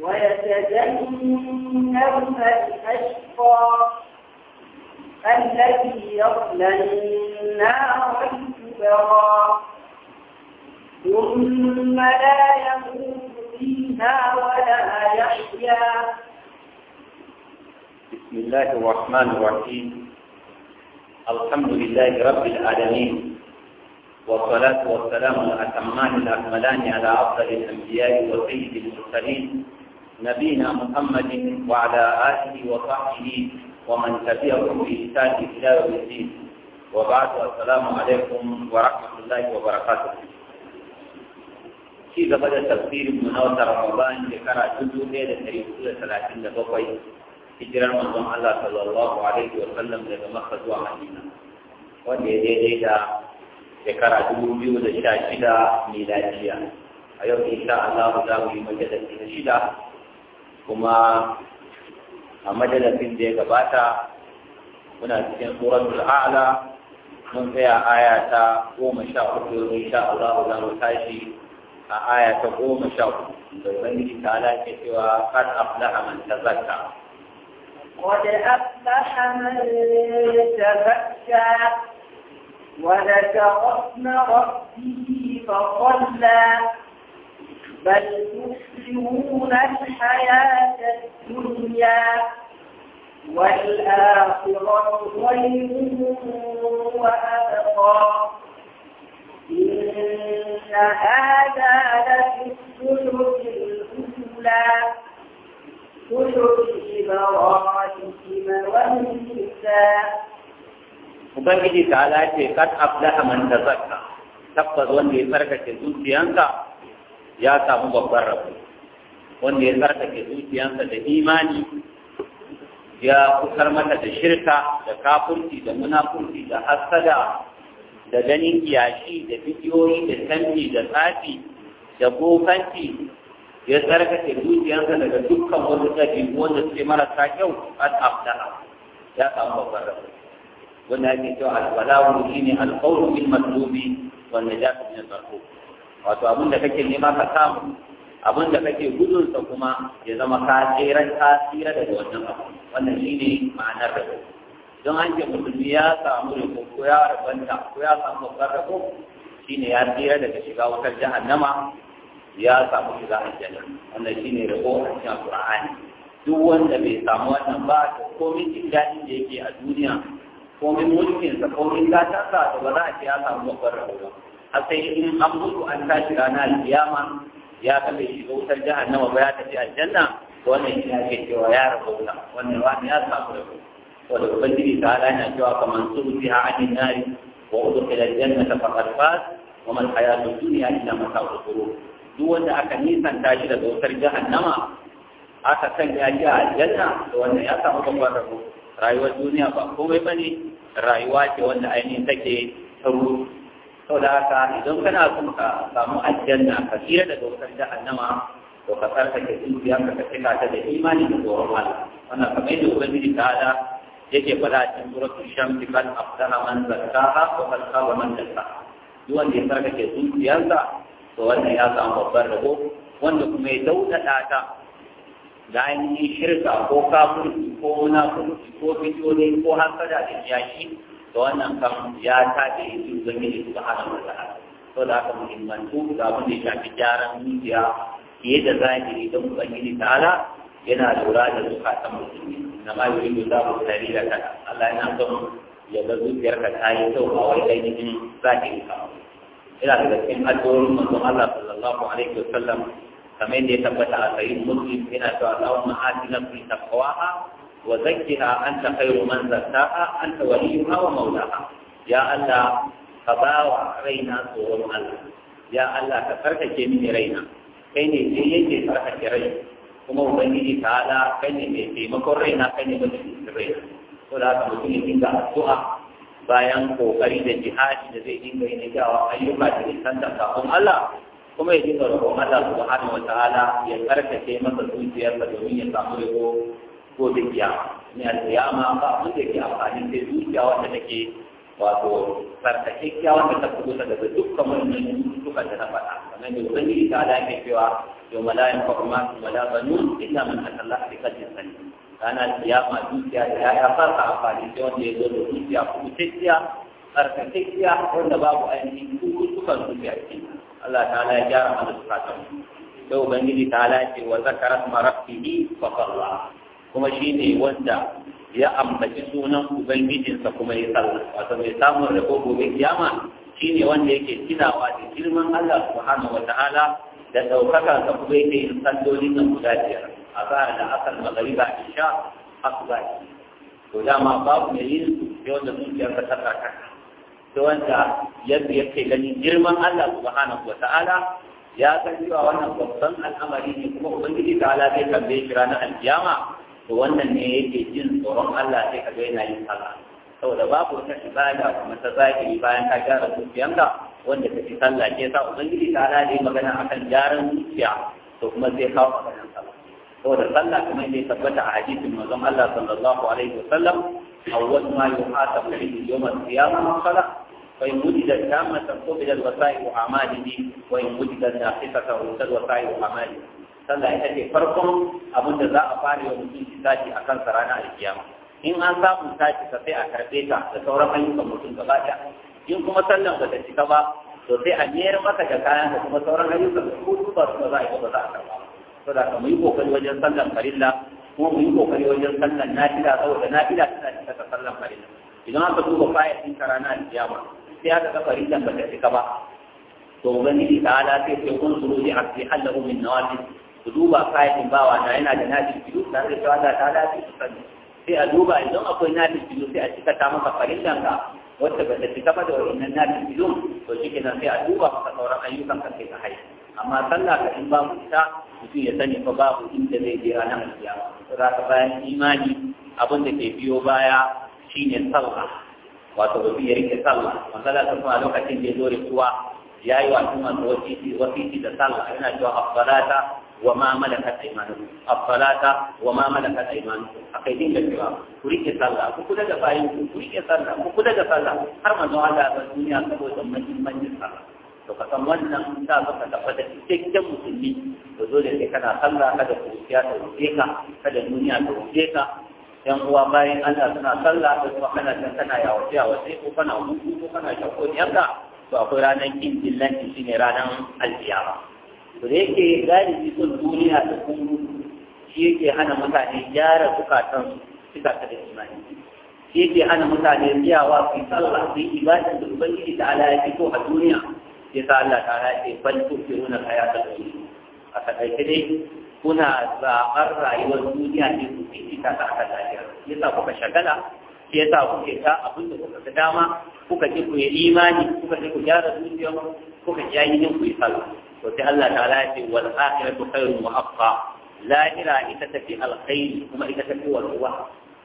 ويتجنبها الأشقى الذي يصلى النار الكبرى ثم لا يموت فيها ولا يحيا بسم الله الرحمن الرحيم الحمد لله رب العالمين والصلاة والسلام الأتمان الأكملان على أفضل الأنبياء وسيد المرسلين نبينا محمد وعلى آله وصحبه ومن تبعهم بإحسان إلى يوم الدين وبعد السلام عليكم ورحمة الله وبركاته في قبل تفسير مناوة رمضان ذكر جزء ليلة 337 hijirar manzon Allah sallallahu alaihi wa sallam daga Makka zuwa Madina wanda ya daidai da shekara dubu biyu da sha shida miladiya a yau insha Allah za mu yi majalisi na shida kuma a majalisin da ya gabata muna cikin suratul a'la mun tsaya aya ta goma sha hudu insha Allah za mu tashi a aya ta goma sha hudu da ubangiji ta ala ke cewa kad aflaha man tazakka قد أفلح من تفكى وذكر ربه فصلى بل تسلمون الحياة الدنيا والآخرة خير وأبقى إن هذا لفي السلوك الأولى Ubangiji ta ce abda a man tazakka tabbas wanda ya tsarkake zuciyanka ya samu babbar rabo wanda ya tsarkake zuciyanka da imani ya kusar mata da shirka da kafurci da munafurci da hasada da ganin kiyashi da bidiyoyi da canji da tsafi da bokanci ya tsarkake zuciyarsa daga dukkan wani ɗabi'u wanda suke marasa kyau an abda ya samu babban rabu wanda ake cewa alwalawu ne alqawlu bil matlubi wanda ya min al-marhub wato abin da kake nema ka samu abin da kake gudunsa kuma ya zama ka tseren ka tsira daga wannan abu wannan ne ma'anar rabu don an ce musulmi ya samu rabo ko ya rabanta ko ya samu babban Shi ne ya tsira daga shiga wutar jahannama ya samu shiga aljanna wannan shine rabo a cikin qurani duk wanda bai samu wannan ba komai jin dadin da yake a duniya komai mulkin sa komai gatan sa to ba za a ce ya samu babbar rabo har sai in an mutu an tashi rana alkiyama ya kafa shiga wutar jahannama ba ya tafi aljanna wannan shi ake cewa ya rabo wannan wani ya samu rabo wanda ubangiji ta ala yana cewa kamar su biha anin nari wa udkhila aljannata faqad faz wa ma alhayatu dunya illa mata'ul ghurur duk wanda aka nisanta shi da wutar jahannama aka san ya ji aljanna da wanda ya samu babban rabo rayuwar duniya ba komai bane rayuwa ce wanda ainihin take sauro sau da haka idan kana son ka samu aljanna ka tsira da wutar jahannama to ka tsarkake dukiya ka cika ta da imani da tsoron Allah wannan kamar yadda ubangiji ta'ala yake fada a cikin suratul shams kan afdala man zakaha wa qad man dassaha duk wanda ya tsarkake dukiyarsa to wannan ya samu babban rabo wanda kuma ya daudada ta da ainihin shirka ko kafirci ko munafurci ko fitoli ko hasada da jiyaki to wannan kam ya tafi su suka subhanahu wa ta'ala to da aka muhimmantu ga abin da ya shafi gyaran mijiya fiye da zahiri don ubangiji ta'ala yana lura da ta musulmi na ma yi rindu za mu tari da Allah yana son ya ga zuciyarka ta yi kyau a wani ainihin zahiri kawai yana daga cikin addu'o'in manzon Allah sallallahu alaihi wasallam kamar yadda ya tabbata a sahih muslim ina cewa Allahumma atina fi taqwaha wa zakkiha anta khayru man zakkaha anta waliyuha wa mawlaha ya Allah ka bawa raina tsoron Allah ya Allah ka farkake mini raina kai ne sai yake farkake rai kuma ubangiji ta ala kai ne mai taimakon raina kai ne mai taimakon raina to da haka mutum ya dinga addu'a bayan kokari da jihadi da zai dinga yin gawa ayyuka da da kafin Allah kuma ya dinga roƙon Allah subhanahu wa ta'ala ya karkace masa zuciyarsa domin ya samu rego gobe kiyama ne alƙiyama ba abin da ke amfani sai zuciya wanda take wato tsarkake kyawa da ta kubuta daga dukkan wannan dukkan da na faɗa kamar da ubangiji ta ala yake cewa yau mala'in fa kuma su mala'in ba nun ta man takallah bi kalbin sanin ranar kiyama dukiya da ya'ya ba amfani sai wanda ya zo da dukiya kuma tsakiya tsarkakakkiya wanda babu ainihin cututtukan dukiya ce Allah ta ala ya gyara mana zukatan sai ubangiji ta ala ce wa zakarat marabbihi fa salla kuma shine wanda ya ambaci sunan ubangijinsa kuma ya sallah wato mai samun rabo gobe kiyama shine wanda yake tunawa da girman Allah subhanahu wataala da ɗaukaka ka kuma yake yin salloli na guda biyar a zahar da asar magariba isha asuba to dama babu mai yin sai wanda zuciyar ka ta karkata ta wanda yadda yake ganin girman Allah subhanahu wa ta'ala ya san cewa wannan babban al'amari ne kuma ubangiji ta ala zai tambaye shi ranar alkiyama to wannan ne yake jin tsoron Allah sai ka ga yana yin sallah saboda babu wata ibada kuma ta zahiri bayan ka gyara zuciyanka wanda ta fi sallah ke sa ubangiji ta ala dai magana akan gyaran zuciya to kuma zai kawo maganar sallah saboda sallah kuma ne tabbata a hadisin manzon Allah sallallahu alaihi wasallam awwal ma yuhasabu bihi yawm al-qiyamah ma salah fa in wujida tammatan qubila al-wasa'i wa amalihi wa in wujida naqisatan qubila al-wasa'i wa amali sallah ita ce farkon abin da za a fara wa mutum sati a kansa ranar alkiyama in an samu sati ka sai a karɓe ta da sauran ayyukan mutum gaba ɗaya in kuma sallan ba ta cika ba to sai a nemi maka da kayan ka kuma sauran ayyuka da ko duba su ba za a yi ba za a karba to da ka mu yi kokari wajen sallan farilla kuma mu yi kokari wajen sallan nafila saboda nafila tana cika ta sallan farilla idan aka duba fayar ɗin ka rana alkiyama sai aka ga farillan ba ta cika ba to ni ta ala sai sai kun zuru ji abdi allahu min nawafil ku duba ba bawa na yana da nafil biyu tare da cewa ta ala sai sani sai a duba idan akwai nafil biyu sai a cika ta maka farillan ka wanda ba ta fita ba da wannan na filon to shi kenan sai a duba maka sauran ayyukan ka sai ka haihu amma sallah ka in babu ita mutum ya sani fa babu inda zai je ranar kiyama za ka bayan imani abin da ke biyo baya shine sallah wato da biyar ke sallah manzala ta kuma lokacin da ya zo rikuwa ya yi wa al'umma wasiti da sallah yana cewa afsalata wa ma malakat aymanukum as-salata wa ma malakat aymanukum akai din da cewa ku rike sallah ku kula da bayin ku ku rike sallah ku kula da sallah har manzo Allah ga duniya saboda muhimmancin sallah to ka san wannan da zo ka da cikakken musulmi to dole sai kana sallah kada ku ya ta roƙe ka kada duniya ta roƙe ka yan uwa bayan Allah suna sallah da kuma kana can kana yawo yawo sai ko kana hutu ko kana shakko ne haka to akwai ranar kin dillanci shine ranar alkiyama to da yake galibi sun duniya da kuma shi yake hana mutane gyara zukatan su suka ta da imani shi yake hana mutane biyawa su sallah su yi ibada da ubangiji ta ala ya fito a duniya ya sa Allah ta ala ce ban ke nuna kaya ta da a takaice dai kuna zaɓar rayuwar duniya ne ku ke ita ta aka lafiya ya sa kuka shagala ya sa kuke ta abin da kuka ga dama kuka ji ku yi imani kuka ji ku gyara zuciya kuka ji yin ku yi sallah to sai Allah ta'ala ya ce wal akhiratu khairun wa abqa lahira ita ta tafi alkhairi kuma ita ta fi tafi uwa.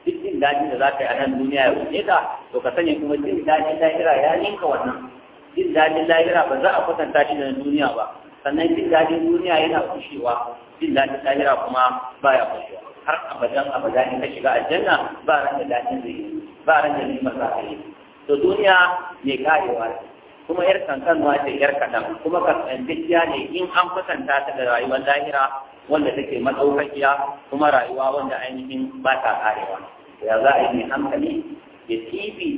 duk jin daɗi da za ka yi a nan duniya ya wuce ka to ka sanya kuma jin daɗin lahira ya ninka wannan jin daɗin lahira ba za a kwatanta shi da duniya ba sannan jin daɗin duniya yana kushewa jin daɗin lahira kuma baya kushewa har abadan abadan in ka shiga aljanna ba ran da daɗin zai yi ba ran da nimar za ka yi to duniya mai karewa ne kuma yar ma ce yar kaɗan kuma karɓandicciya ne in an kusanta ta da rayuwar lahira wanda take matsaukakiya kuma rayuwa wanda ainihin ba ta karewa ya za a yi hankali ya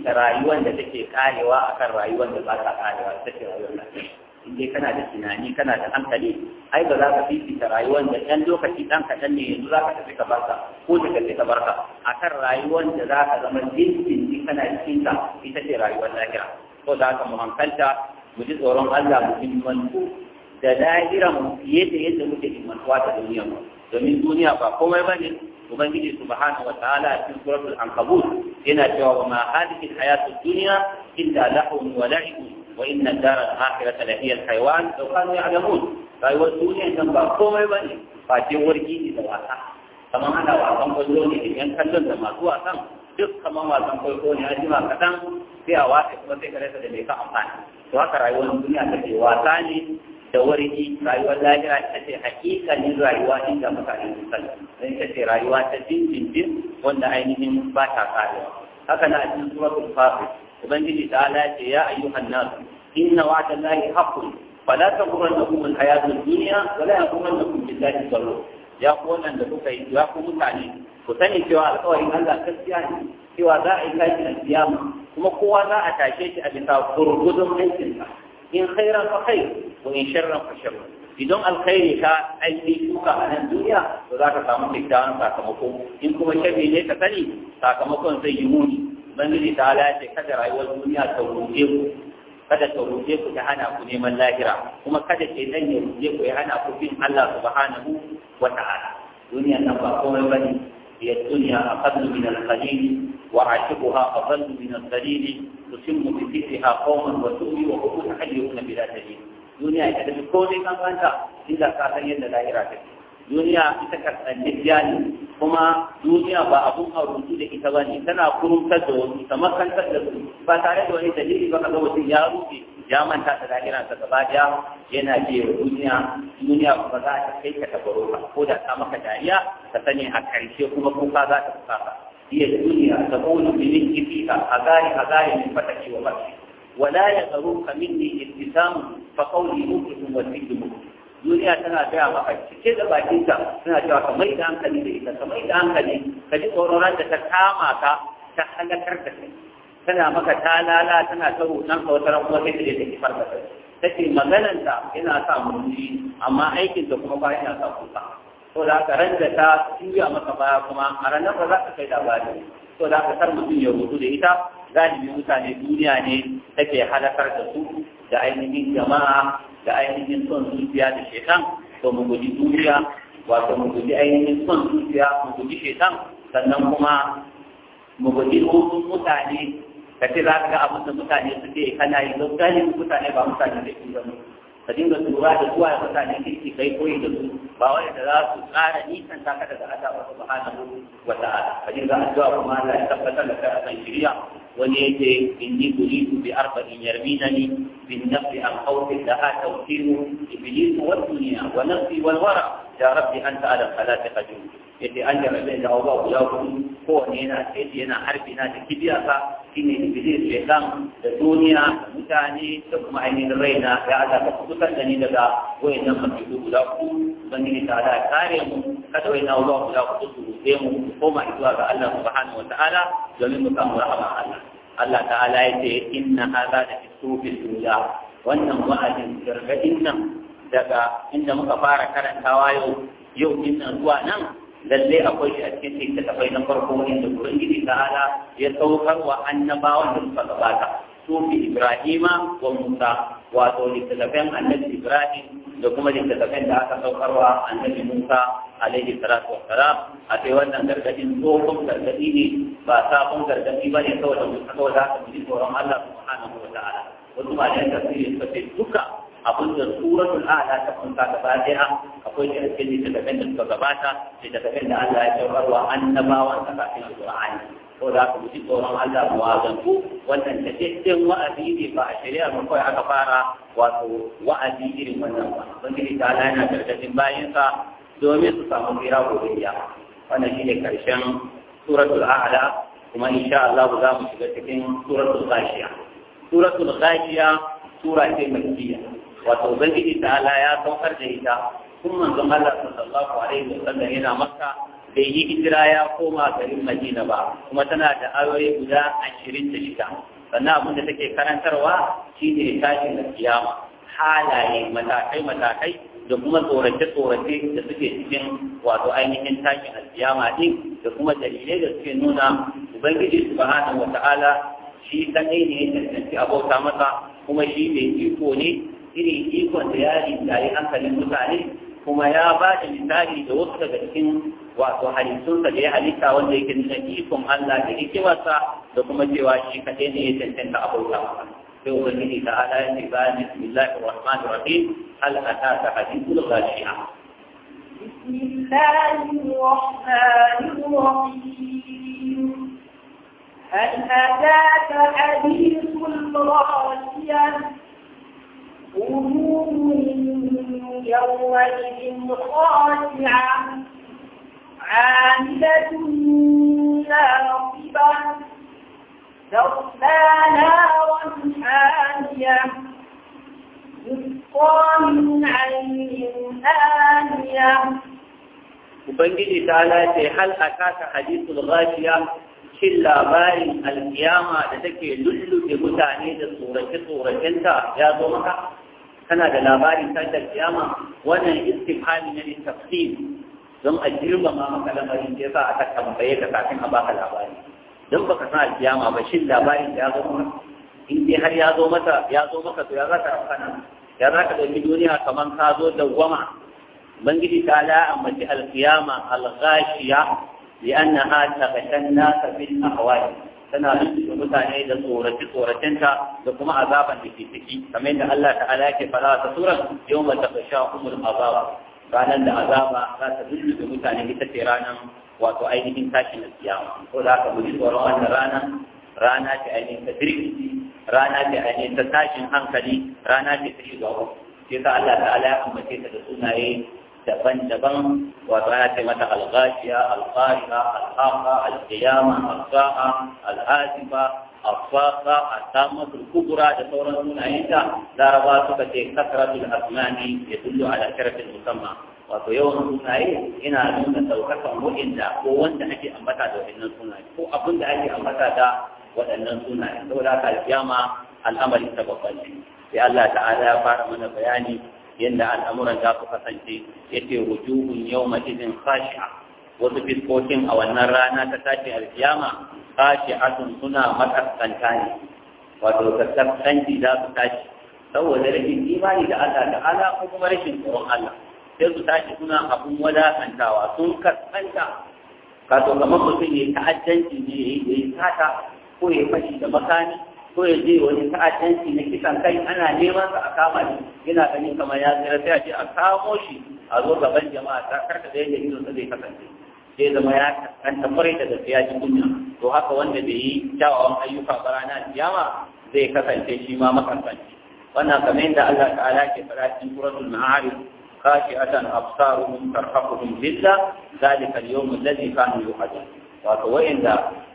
ta rayuwar da take karewa akan rayuwar da ba ta karewa ta ce rayuwar lahira in dai kana da tunani kana da hankali ai ba za ka fifita rayuwar da ɗan lokaci ɗan kaɗan ne yanzu za ka tafi ka barka ko ta tafi ka barka akan rayuwar da za ka zama jinsin kana cikin ta ita ce rayuwar lahira ko za ka mu hankalta mu ji tsoron Allah mu himmantu da lahira mu fiye da yadda muke himmantuwa ta duniya mu domin duniya ba komai ba ne ubangiji subhanahu wataala a cikin suratul ankabut yana cewa wa ma hadhihi alhayatu dunya illa lahun wa la'ibun wa inna dara al-akhirata la hiya al-hayawan law kanu ya'lamun rayuwar duniya nan ba komai ba ne face wargi da wasa kamar ana wasan kwallo ne da yan kallon da masu wasan duk kamar wasan kwallo ne a jima kaɗan sai a wasa kuma sai ka rasa da mai ka amfani to haka rayuwar duniya ta ce wasa ne da warki rayuwar lahira ita ce hakikalin rayuwa inda mutane su sani don ita ce rayuwa ta jinjin wanda ainihin ba ta kare haka na cikin suratul fatir ubangiji ta ala ce ya ayyuhan nas inna wa'da lahi haqqun fala taghurrannakum al dunya wala la yaghurrannakum billahi ghurur ya ku wannan da kuka yi ya ku mutane ku sani cewa alƙawarin Allah gaskiya ne cewa za a yi tashi alkiyama kuma kowa za a tashe shi a bisa gurgudun aikinsa in khairan fa khair wa in sharran fa sharr idan alkhairi ka aiki kuka a nan duniya to za ka samu kyakkyawan sakamako in kuma sharri ne ka sani sakamakon zai yi muni ubangiji ta ala ce kada rayuwar duniya ta ruɗe ku kada ta ruɗe ku ta hana ku neman lahira kuma kada ke dan ya ruɗe ku ya hana ku bin Allah subhanahu wa ta'ala duniya nan ba komai هي الدنيا أقل من القليل وعاتبها أقل من القليل تسم بذكرها قوما وتؤوي وهم تحيرون بلا دليل دنيا إذا لم يكون أنت إلا كاثر يد لا إرادة duniya ita kasantacciya ne kuma duniya ba abun rubutu da ita ba ne tana kurumtar da wasu ta makantar da ba tare da wani dalili ba ka ga ya rufe ya manta da lahira ta gaba daya yana je duniya duniya kuma za ta kai ka tabaro ka ko da ta maka dariya ka sani a karshe kuma kuka za ta fuka ka iya duniya ta kowane bilin kifika a gari a gari min fataki wa mafi wala ya tsaro ka minni ibtisamu fa qawli mukrim wa sijmu duniya tana gaya maka cike da bakinta suna cewa ka mai da hankali da ita ka mai da hankali ka ji tsoron da ta kama ka ta halakar da kai tana maka ta lala tana ta rutan ka wata rakuwa sai da take farka ta ce magananta yana sa muni amma aikin da kuma ba yana sa kuka to da aka ranta ta juya maka baya kuma a ranar ba za ka kai labari to da aka sar mutum ya rutu da ita galibi mutane duniya ne take halakar da su da ainihin jama'a da ainihin son zuciya da shekan to mu guji duniya wato mu guji ainihin son zuciya mu guji shekan sannan kuma mu guji mutane ka ce za ka ga abin da mutane suke kana yi don galibin mutane ba mutane da ke zama ka dinga lura da zuwa ya mutane kirki kai koyi da su ba wani da za su tsara nisan ta ka daga Allah subhanahu wa ta'ala ka dinga addu'a kuma za ya tabbatar da kai a kan shiriya wani yake inni buritu bi arba'in Yarbi na ni, bin nafi an khawfi da ha tawfiru iblis wa dunya wa nafsi wal wara ya rabbi anta ala salati qadir yace an da rabbi da Allah guda hudu kowanne yana sai yana harfi na da kibiya sa shine iblis shaytan da duniya mutane da kuma ainihin raina ya Allah ka kubutar da ni daga wayannan mabdu guda hudu ubangiji ta ala kare mu kada wayannan Allah guda hudu su rufe mu koma zuwa ga Allah subhanahu wataala domin mu samu rahama Allah Allah ta'ala ya ce inna hadha la fi sufi dunya wannan wa'adin gargadin nan daga inda muka fara karantawa yau yau din nan zuwa nan lalle akwai shi a cikin littattafai na farko inda Ubangiji ta'ala ya saukar wa annabawan da suka gabata bi Ibrahima wa Musa wato littattafan annabi Ibrahim da kuma littattafan da aka wa annabi Musa alaihi salatu wa salam a sai wannan gargadin tsohon gargadi ne ba sabon gargadi ba ne saboda mutum saboda haka mu ji tsoron Allah subhanahu wa ta'ala wasu malayan tafsiri suka ce duka abin da suratul ala ta kunta gaba daya akwai da cikin littafin da suka gabata da littafin da Allah ya tsawarwa annabawan ta kafin Qur'ani ko da aka mutu tsoron Allah muwazantu wannan cikakken wa'azi ne ba a shari'a ba kawai aka fara wato wa'azi irin wannan ba ubangiji ta Allah yana gargadin bayansa domin su samu tsira gobe ya shi ne karshen suratul a'la kuma insha Allah za mu shiga cikin suratul ghashiya suratul ghashiya sura ce makkiya wato ubangiji ta'ala ya saukar da ita kun manzon Allah sallallahu alaihi wasallam yana makka bai yi hijira ya koma garin Madina ba kuma tana da ayoyi guda 26 sannan abin da take karantarwa shine tashin kiyama halaye matakai matakai da kuma tsorace-tsorace da suke cikin wato ainihin takin alkiyama din da kuma dalilai da suke nuna ubangiji subhanahu ta'ala, shi ta ne ya tantance abota masa kuma shi bai iko ne irin ikon da ya rinjaye hankalin mutane kuma ya ba da misali da wasu daga cikin wato halittunsa da ya halitta wanda yake nuna ikon Allah da hikimarsa da kuma cewa shi kaɗai ne ya cancanta abota sai ubangiji ta ala ya ce bayan bismillahir rahmanir rahim hal ataka hadithul ghashiya بسم الله الرحمن الرحيم هل أتاك حديث الغاشية وجوه يومئذ Ubangiji ta lace hal a kasa hadisul ghashiya cin labarin alkiyama da take lullube mutane da tsorace-tsoracenta ya zo maka kana da labarin tashar kiyama wannan istifhami ne ne tafsir don a girmama maka lamarin da yasa aka tambaye ka kafin a baka labari don baka san alkiyama ba shin labarin da ya zo maka in dai har ya zo mata ya zo maka to ya za ka rafana ya za ka dauki duniya kamar ka zo da dawwama ubangiji ta la ambaci alkiyama alghashiya li'annaha taghshan nasa bil ahwali tana nufin mutane da tsorace tsoracenta da kuma azaban da ke ciki kamar yadda Allah ta'ala ke fara ta suran yau ma ta fasha umul azaba ranar da azaba za ta da mutane ita ce ranar wato ainihin tashin na kiyama ko za ka guji tsoron wannan rana rana ce ainihin ta firgici rana ce ainihin ta tashin hankali rana ce ta shiga wasu sai ta Allah ta'ala ya ambace ta da sunaye daban-daban wato ana ce mata al-ghashiya al-qariha al-haqa al-qiyama al-sa'a al al al da sauran sunayenta laraba suka ce kasratul asmani yadullu ala karatul musamma wato yawan sunaye ina nuna daukakan wa'inda ko wanda ake ambata da waɗannan sunaye ko abin da ake ambata da waɗannan sunaye saboda haka alƙiyama al'amarin ta babban sai Allah ta'ala ya fara mana bayani yadda al'amuran za su kasance ya ce wujuhun yau matizin khashi'a wasu fiskokin a wannan rana ta tashi alkiyama sun suna mataskanta ne wato tattakanci za su tashi saboda rashin imani da Allah da ala ko kuma rashin tsoron Allah sai su tashi suna abun wadatantawa sun kaskanta kato kamar mutum ya ta'addanci ne ya yi sata ko ya fashi da makani ko ya je wani ta'addanci na kisan kai ana neman sa a kama shi yana ganin kamar ya tsira sai a ce a kamo shi a zo gaban jama'a ta karka da yadda idon zai kasance sai zama ya kanta kwarai da gaskiya ji kunya to haka wanda bai yi kyawawan ayyuka ba rana kiyama zai kasance shi ma makarfanci wannan kamar yadda Allah ta'ala ke fara cikin suratul ma'arif خاشعة أبصارهم ترهقهم ذلة ذلك اليوم الذي wato يوعدون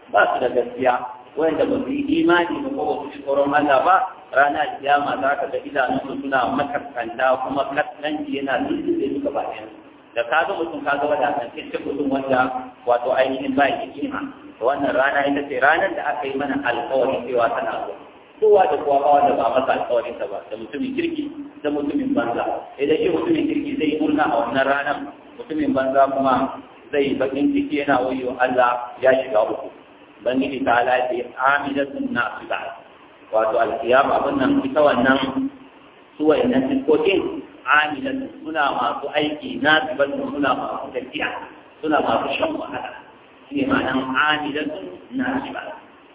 ba su da gaskiya. wanda ba su yi imani ba ko ba su tsoron Allah ba rana kiyama za ka ga idanunsu suna makarkanta kuma kaskanci yana da su gaba ɗaya da ka ga mutum ka ga kan ce mutum wanda wato ainihin ba ya kima wannan rana ita ce ranar da aka yi mana alƙawari cewa tana zuwa kowa da kowa ba wanda ba masa alƙawarin ba da mutumin kirki da mutumin banza idan shi mutumin kirki zai murna a wannan ranar mutumin banza kuma zai bakin ciki yana wayo Allah ya shiga uku bangiji ta halaye amidatun na fila wato alkiyama wannan ita wannan su wayannan fiskokin amidatun suna masu aiki na zubar da suna masu tafiya suna masu shan wahala shi ne ma'anan amidatun na fila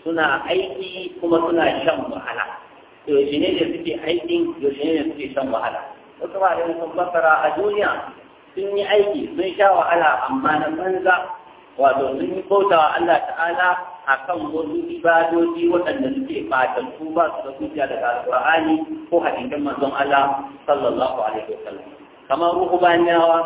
suna aiki kuma suna shan wahala yaushe ne da suke aikin yaushe ne da suke shan wahala wasu malamin sun fassara a duniya sun yi aiki sun sha wahala amma na banza wato sun yi bauta wa Allah ta'ala a kan wasu ibadoji waɗanda suke fatan su ba su da daga alƙur'ani ko hadisin manzon Allah sallallahu alaihi wa sallam kamar ruhu banyawa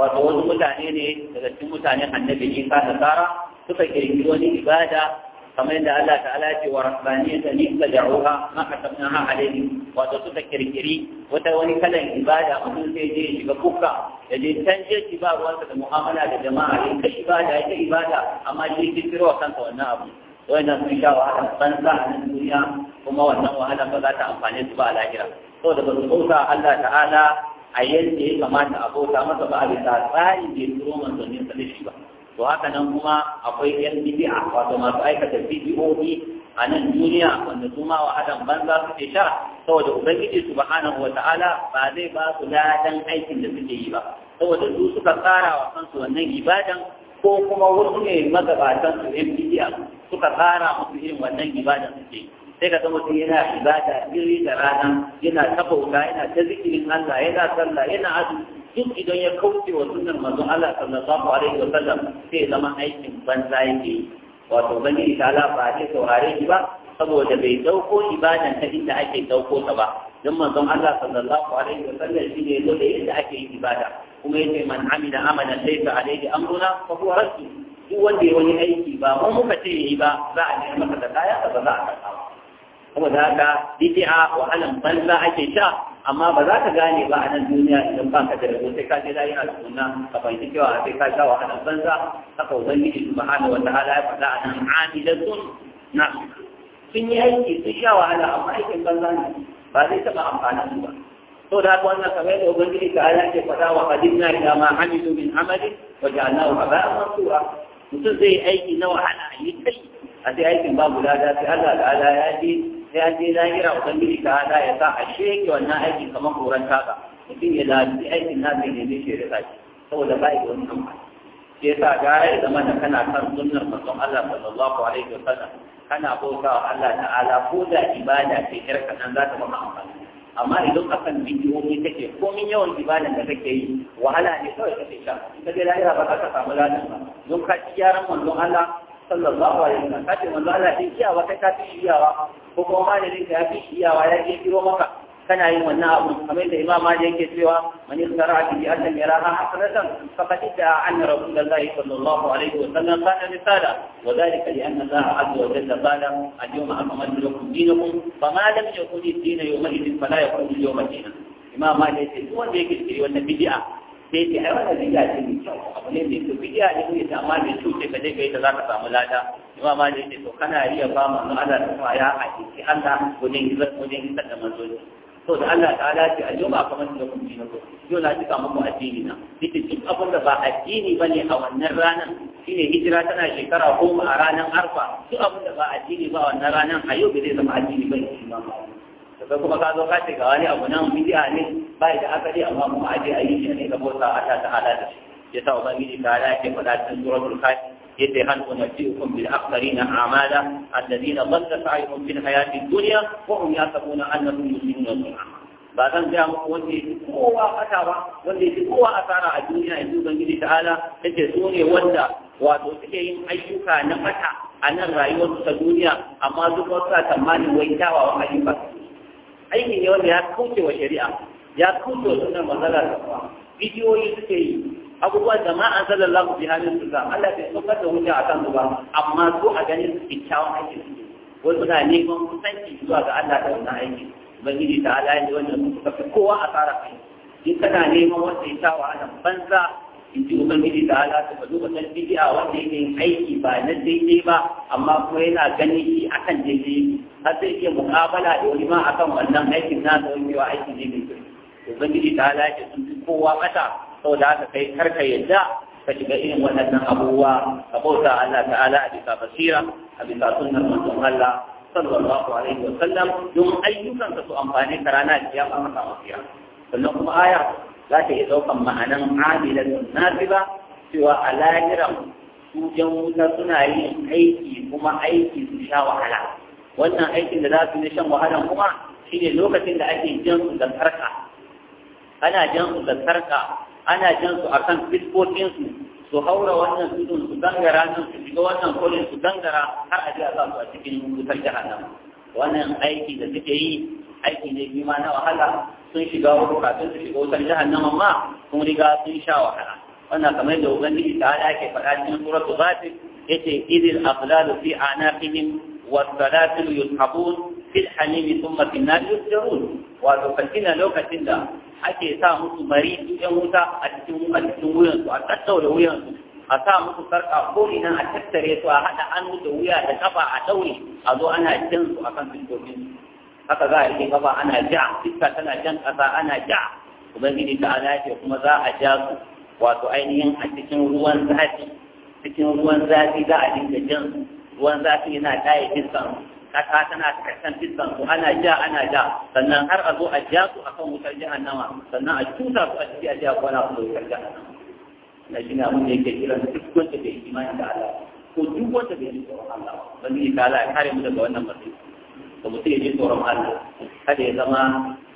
wato wasu mutane ne daga cikin mutanen annabi Isa da Sara suka kirkiri wani ibada kamar yadda Allah ta'ala ya ce wa rabbaniyata ni ka da'uha ma kasabnaha alayhi wato suka kirkiri wata wani kalan ibada mutum sai je shiga kuka Da je can je ba ruwansa da mu'amala da jama'a ya ta ibada ya ta ibada amma je kirkiro wa kansa wannan abu wannan sun sha wahala banza a nan duniya kuma wannan wahala ba za ta amfane su ba a lahira da ba su bauta Allah ta'ala a yadda ya kamata a bauta masa ba a bisa tsarin da ya turo manzannin sa da shi ba to haka nan kuma akwai yan bid'a wato masu aikata bid'o'i a nan duniya wanda su ma wahadan banza suke sha saboda ubangiji subhanahu wa ta'ala ba zai ba su ladan aikin da suke yi ba saboda su suka tsara wa kansu wannan ibadan ko kuma wasu ne magabatan su yan bid'a suka tsara musu irin wannan ibadan suke yi sai ka zama mutum yana ibada iri da rana yana tafauta, yana ta zikirin Allah yana sallah yana azumi duk idan ya kauce wa sunan manzon Allah sallallahu alaihi wa sallam sai zama aikin banza yake wato bani ta Allah ba zai saurare shi ba saboda bai dauko ibadan ta inda ake dauko ta ba dan manzon Allah sallallahu alaihi wa sallam shi ne dole inda ake yin ibada kuma yace man amila amalan laysa alaihi amruna fa huwa raddu duk wanda ya wani aiki ba mu muka ce yi ba za a nemi masa da kaya ba za a karɓa Kuma za ka bid'a wahalan banza ake ta? amma ba za ka gane ba a nan duniya idan ba ka da rabo sai ka je layin al'umma ka fahimci cewa sai ka sha wahalan banza haka ubangiji subhanahu wa ta'ala ya faɗa a nan amilatun na sun yi aiki sun sha wahala amma aikin banza ne ba zai taɓa amfana su ba to da haka wannan kamar da ubangiji ta ala ke faɗa wa na ila ma hamidu min amali wa ba a mansura mutum zai aiki na wahala yi kai a sai aikin babu lada sai Allah ta'ala ya ji sai an je lahira ubangiji ta hada ya sa a sheke wannan aikin kamar koran taka mutum ya lafi aikin na zai nemi shi da saboda ba da wani amfani ya sa gara ya zama da kana kan sunnar manzon Allah sallallahu alaihi wa sallam kana bauta wa Allah ta'ala ko da ibada ce ƴar kaɗan za ta maka amfani amma idan akan bidiyoyi kake komin yawan ibadan da kake yi wahala ne kawai kake sha kaje lahira ba ka samu ladan ba don ka ci yaran manzon Allah sallallahu alaihi din kiyawa kai ka fi kiyawa ko kuma ya fi kiyawa ya ke maka kana yin wannan abu kamar da imama da yake cewa man yasara bi annan yaraha hasanatan faqad idda an rasulullahi sallallahu alaihi wasallam kana misala wa dhalika li anna Allah azza wa jalla qala al-yawma akmaltu lakum dinakum fama lam yakun ad yawma idhin fala yakun yawma dinan imam Malik yake duk wanda yake cikin wannan bid'a sai ce ai wannan ya ce mai ne mai kyau ya ne mai ta amma mai kyau sai ka je kai ta za ka samu lada imam ma ne ce to kana iya ba ma manzo Allah kuma ya a ki Allah gudun hizar gudun hizar da manzoji to da Allah ta ala a yau ba kamar da kun ji na ko yau na cika muku addini na duk duk abin da ba addini bane a wannan ranar shine hijira tana shekara goma a ranar arfa duk abin da ba addini ba a wannan ranar a yau bai zai zama addini bane imam ma sai kuma ka zo ka ce ga wani abu nan bid'a ne bai da asali amma kuma aje ayi shi ne ga bota a ta ta hada da shi Ya sa yasa ubangiji ta ala ke faɗa cikin suratul kafir yace hal unabbiukum bil akhsarina a'mala alladhina dhalla sa'yuhum fil hayati dunya wa hum yasabuna annahum yusinuna sun'a ba zan gaya muku wanda yake kowa fata ba wanda yake kowa asara a duniya yanzu ubangiji ala? yace su ne wanda wato suke yin ayyuka na fata a nan rayuwarsu ta duniya amma duk wasu tsammanin wai wa ayyuka aiki ne wanda ya kauce wa shari'a ya kauce wa sunan manzala da kuma bidiyoyi suke yi abubuwan jama'a sallallahu alaihi wa sallam bi su Allah bai saukar da wuta akan su ba amma su a ganin su kikkiawan aiki su. Wani suna neman kusanci zuwa ga Allah da wannan aiki ubangiji ta ala ne wannan suka fi kowa a tsara kai in kana neman wanda ya sa wa banza in ji ubangiji da ala ta faɗo wannan bidiya wanda yake yin aiki ba na daidai ba amma kuma yana gani shi akan daidai har sai iya muƙabala da wani ma akan wannan aikin na da wani yawa aiki ne mai kyau ubangiji da ala ya sun fi kowa mata saboda haka kai karka yadda ka shiga irin waɗannan abubuwa ka bauta Allah ta'ala a bisa basira a bisa sunnar manzon Allah sallallahu alaihi wa sallam don ayyukan ka su amfane ka rana da ya ba maka mafiya sannan kuma aya za ta iya ɗaukan ma'anan amilatun nasiba cewa a lahiran su wuta suna yin aiki kuma aiki su sha wahala wannan aikin da za su yi shan wahalan kuma shine lokacin da ake jan su da sarka ana jan su da sarka ana jan su akan fiskokinsu su haura wannan tudun su gangara nan su shiga wannan kolin su gangara har a ji a sa su a cikin wutar jahannama wannan aiki da suke yi aiki ne bi ma na wahala sun shiga wuku kafin su shiga wutar jahannama ma sun riga sun sha wahala wannan kamar da ubangiji ta ala ke faɗa cikin suratu ghafir yace idil aqlalu fi anaqihim والسلاسل يسحبون في الحميم ثم في النار يسجرون وتفتنا lokacin da ake sa musu mari su wuta a cikin a cikin wuyansu a tattaure wuyansu a sa musu sarƙa ko ina a tattare su a haɗa hannu da wuya da kafa a ɗaure a zo ana jan su a kan fitofinsu haka za a yi kafa ana ja iska tana jan ƙasa ana ja ubangiji ta ala ce kuma za a ja su wato ainihin a cikin ruwan zafi cikin ruwan zafi za a dinga jan ruwan zafi yana taye fiskan ƙasa tana kasan fiskan su ana ja ana ja sannan har a zo a ja su kan wutar jahannama sannan a cuta su a ciki a ja kwana a da wutar jahannama na shi ne abin da yake kiran duk wanda bai imani da Allah ko duk wanda bai yi tsoron Allah ba ni ta ya kare mu daga wannan matsayi da mutum ya ji tsoron Allah kada ya zama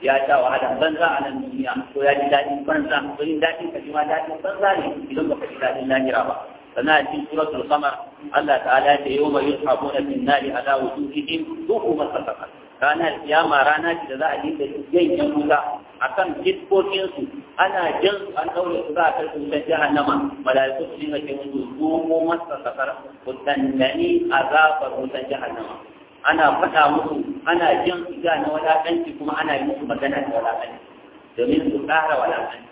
ya sha wahala banza a nan duniya ko ya ji daɗin banza wani daɗin ka ji ma daɗin banza ne idan baka ji daɗin lahira ba sannan a cikin suratul qamar Allah ta'ala ta yawma yushabuna bin nari ala wujuhihim duhu masafaka ranar kiyama rana ce da za a dinga yankin wuta a kan fiskokinsu ana jan su an ɗaure su za a karɓi wutan jahannama mala'iku su dinga ke musu zumo masa sakar ku dandani azabar wutan jahannama ana faɗa musu ana jin su na wadatanci kuma ana yi musu magana da wadatanci domin su ƙara wadatanci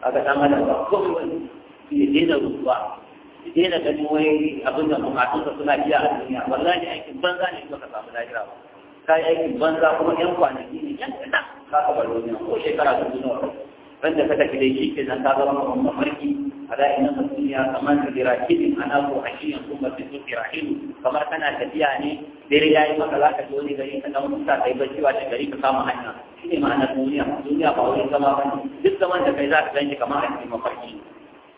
aka ɗan adam ba ne ya daina rutuwa ya daina ganin wai abin da bukatunsa suna biya a duniya wallahi aikin banza ne kuma ka samu lahira ba ka yi aikin banza kuma yan kwanaki ne yan kaɗan ka ka bar duniya ko shekara ta duniya wanda ka tafi da shi ke nan ka zama mafarki ala inna masiya kaman birakibin ana ko hashiyan kuma fi rahim kamar kana tafiya ne dare yayi maka za ka wani gari ka dan musa kai bacci wa gari ka kama hanya shine ma'ana duniya duniya ba wani zama ba duk zaman da kai za ka ganshi kamar a cikin mafarki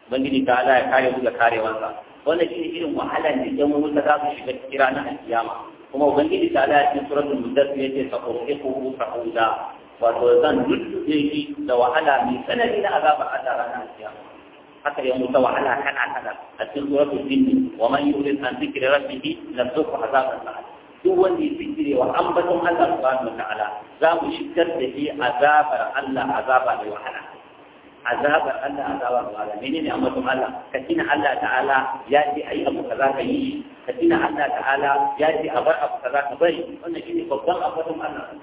ubangiji ta ala ya kare duka da karewansa wannan shine irin wahalar da yan wuta za su shiga cikin ranar alkiyama kuma ubangiji ta ala ya cikin suratul mudaththir yace fa qur'ihu fa qula wato zan dudduke shi da wahala mai tsanani na azabar Allah ranar alkiyama haka ya mutu wahala kana kana a cikin suratul jinn wa man yurid an zikri rabbih nafsuhu azaban sa'ad duk wanda ya zikire wa ambaton Allah subhanahu wataala za mu shigar da shi azabar Allah azaba wahala azabar Allah azaba da wahala menene ambaton Allah ka Allah ta'ala ya ce ai abu kaza ka yi ka Allah ta'ala a bar abu ka bari wannan babban Allah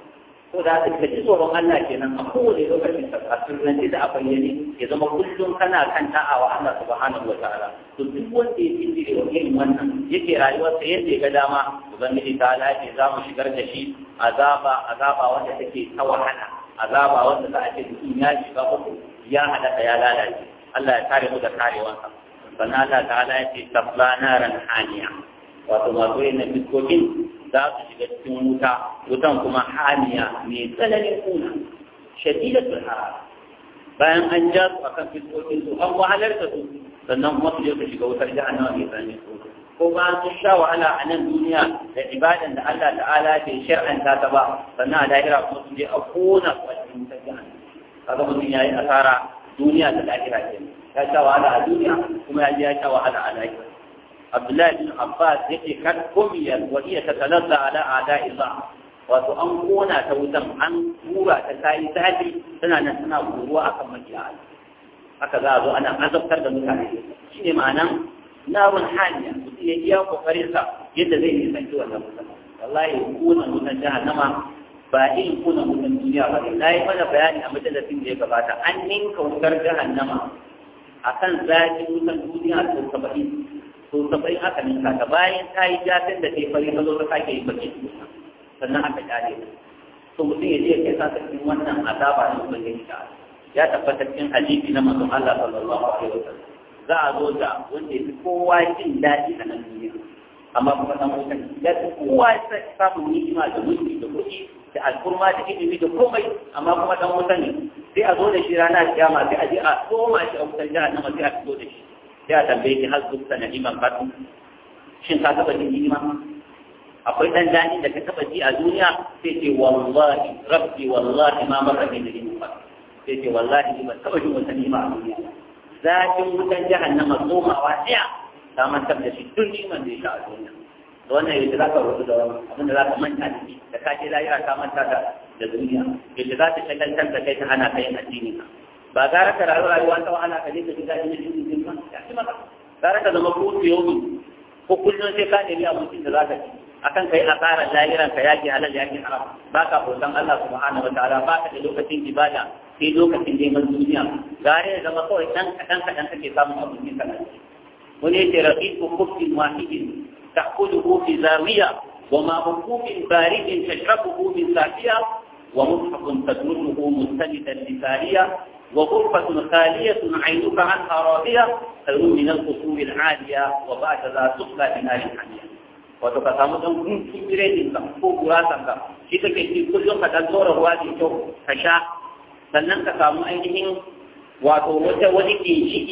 ko da ka ji tsoron Allah kenan a kowane lokacin ka asirranci da a bayyane ya zama kullum kana kan ta'awa Allah subhanahu wa ta'ala to duk wanda ya tinjire da irin wannan yake rayuwarsa yadda ya ga dama ubangiji ta lafi za mu shigar da shi azaba azaba wanda take ta wahala azaba wanda za a ce mutum ya shiga uku ya halaka ya lalace Allah ya kare mu da karewansa sannan Allah ta ya ce tablana ran haniya wato masu yin na fiskokin za su shiga cikin wuta wutan kuma hamiya mai tsananin kuna shadidatul harar bayan an ja su akan fiskokin su an wahalar da su sannan kuma su je su shiga wutar jahannama mai tsananin kuna ko ba su sha wahala a nan duniya da ibadan da Allah ta'ala ke shar'anta ta ba sannan a lahira kuma su je a kona su a cikin wutar jahannama kaga mutum yayi asara duniya da lahira kenan ya sha wahala a duniya kuma ya je ya sha wahala a lahira abdullahi bin abbas yake kad kumiyar wa iya tatalazza ala ada'illah wato an kona ta wutan an tura ta kai, zafi tana nan tana guruwa akan makiya haka za a zo ana azabtar da mutane shine ma'anan narun hanya mutum ya iya kokarin sa yadda zai yi sanki wannan wutan wallahi kuna wutan jahannama ba irin kuna wutan duniya ba ne na yi mana bayani a majalisin da ya gabata an ninka wutar jahannama akan zafi wutan duniya sau saba'in to sabai aka ninka ta bayan ta yi jafin da ke fari ta zo ta sake yi baki sannan aka kare ta to mutum ya je kai sa cikin wannan azaba da ne ta ya tabbata cikin hadisi na manzon Allah sallallahu alaihi wasallam za a zo da wanda ya fi kowa jin daɗi a nan duniya amma kuma dan wutan ya fi kowa samun ni'ima da mulki da kuɗi da alkurma da ilimi da komai amma kuma dan wutan ne sai a zo da shi rana kiyama sai a je a tsoma shi a wutan jihar na sai a fito da shi sai a tambaye ki har zuwa ni'imar fatu shin ka taba jin ni'ima akwai dan dani da ka taba ji a duniya sai ce wallahi rabbi wallahi ma marra bi ni'imar fatu sai ce wallahi ba taba jin wata ba a duniya zakin wutan jahannama tsomawa tsaya ta mantar da shi duk ni'imar da ya a duniya Da wannan yadda za ka rubuta da abin da za ka manta da shi da ka ce lahira ka manta da da duniya yadda za ta shagaltar da kai ta hana ka yin addini ba gara ka rayu rayuwa ta wahala ka je ka shiga ilimin tashi ka tare da zama kutu yau ko kullum sai ka nemi abincin da za ka ci akan kai asara lahiran ka yaki halal yaki haram ba ka hoton Allah subhanahu wa ta'ala ba ka da lokacin ibada sai lokacin neman duniya gare da zama kawai dan kadan kadan kake samun abincin ka nan wani yace rafiqu khubbi wahidin ta'kuluhu fi zawiya wa ma hukubin baridin tashrabuhu min safiya wa mushafun tadrusuhu mustanidan li sariya وغرفة خالية عينك عنها راضية خير من القصور العالية وبعد ذا تقلى من الحمية wato ka samu dan kun ka ko gurasan ka shi kake ci kullum ka dan tsora ruwa da kyau ka sha sannan ka samu wato wata wani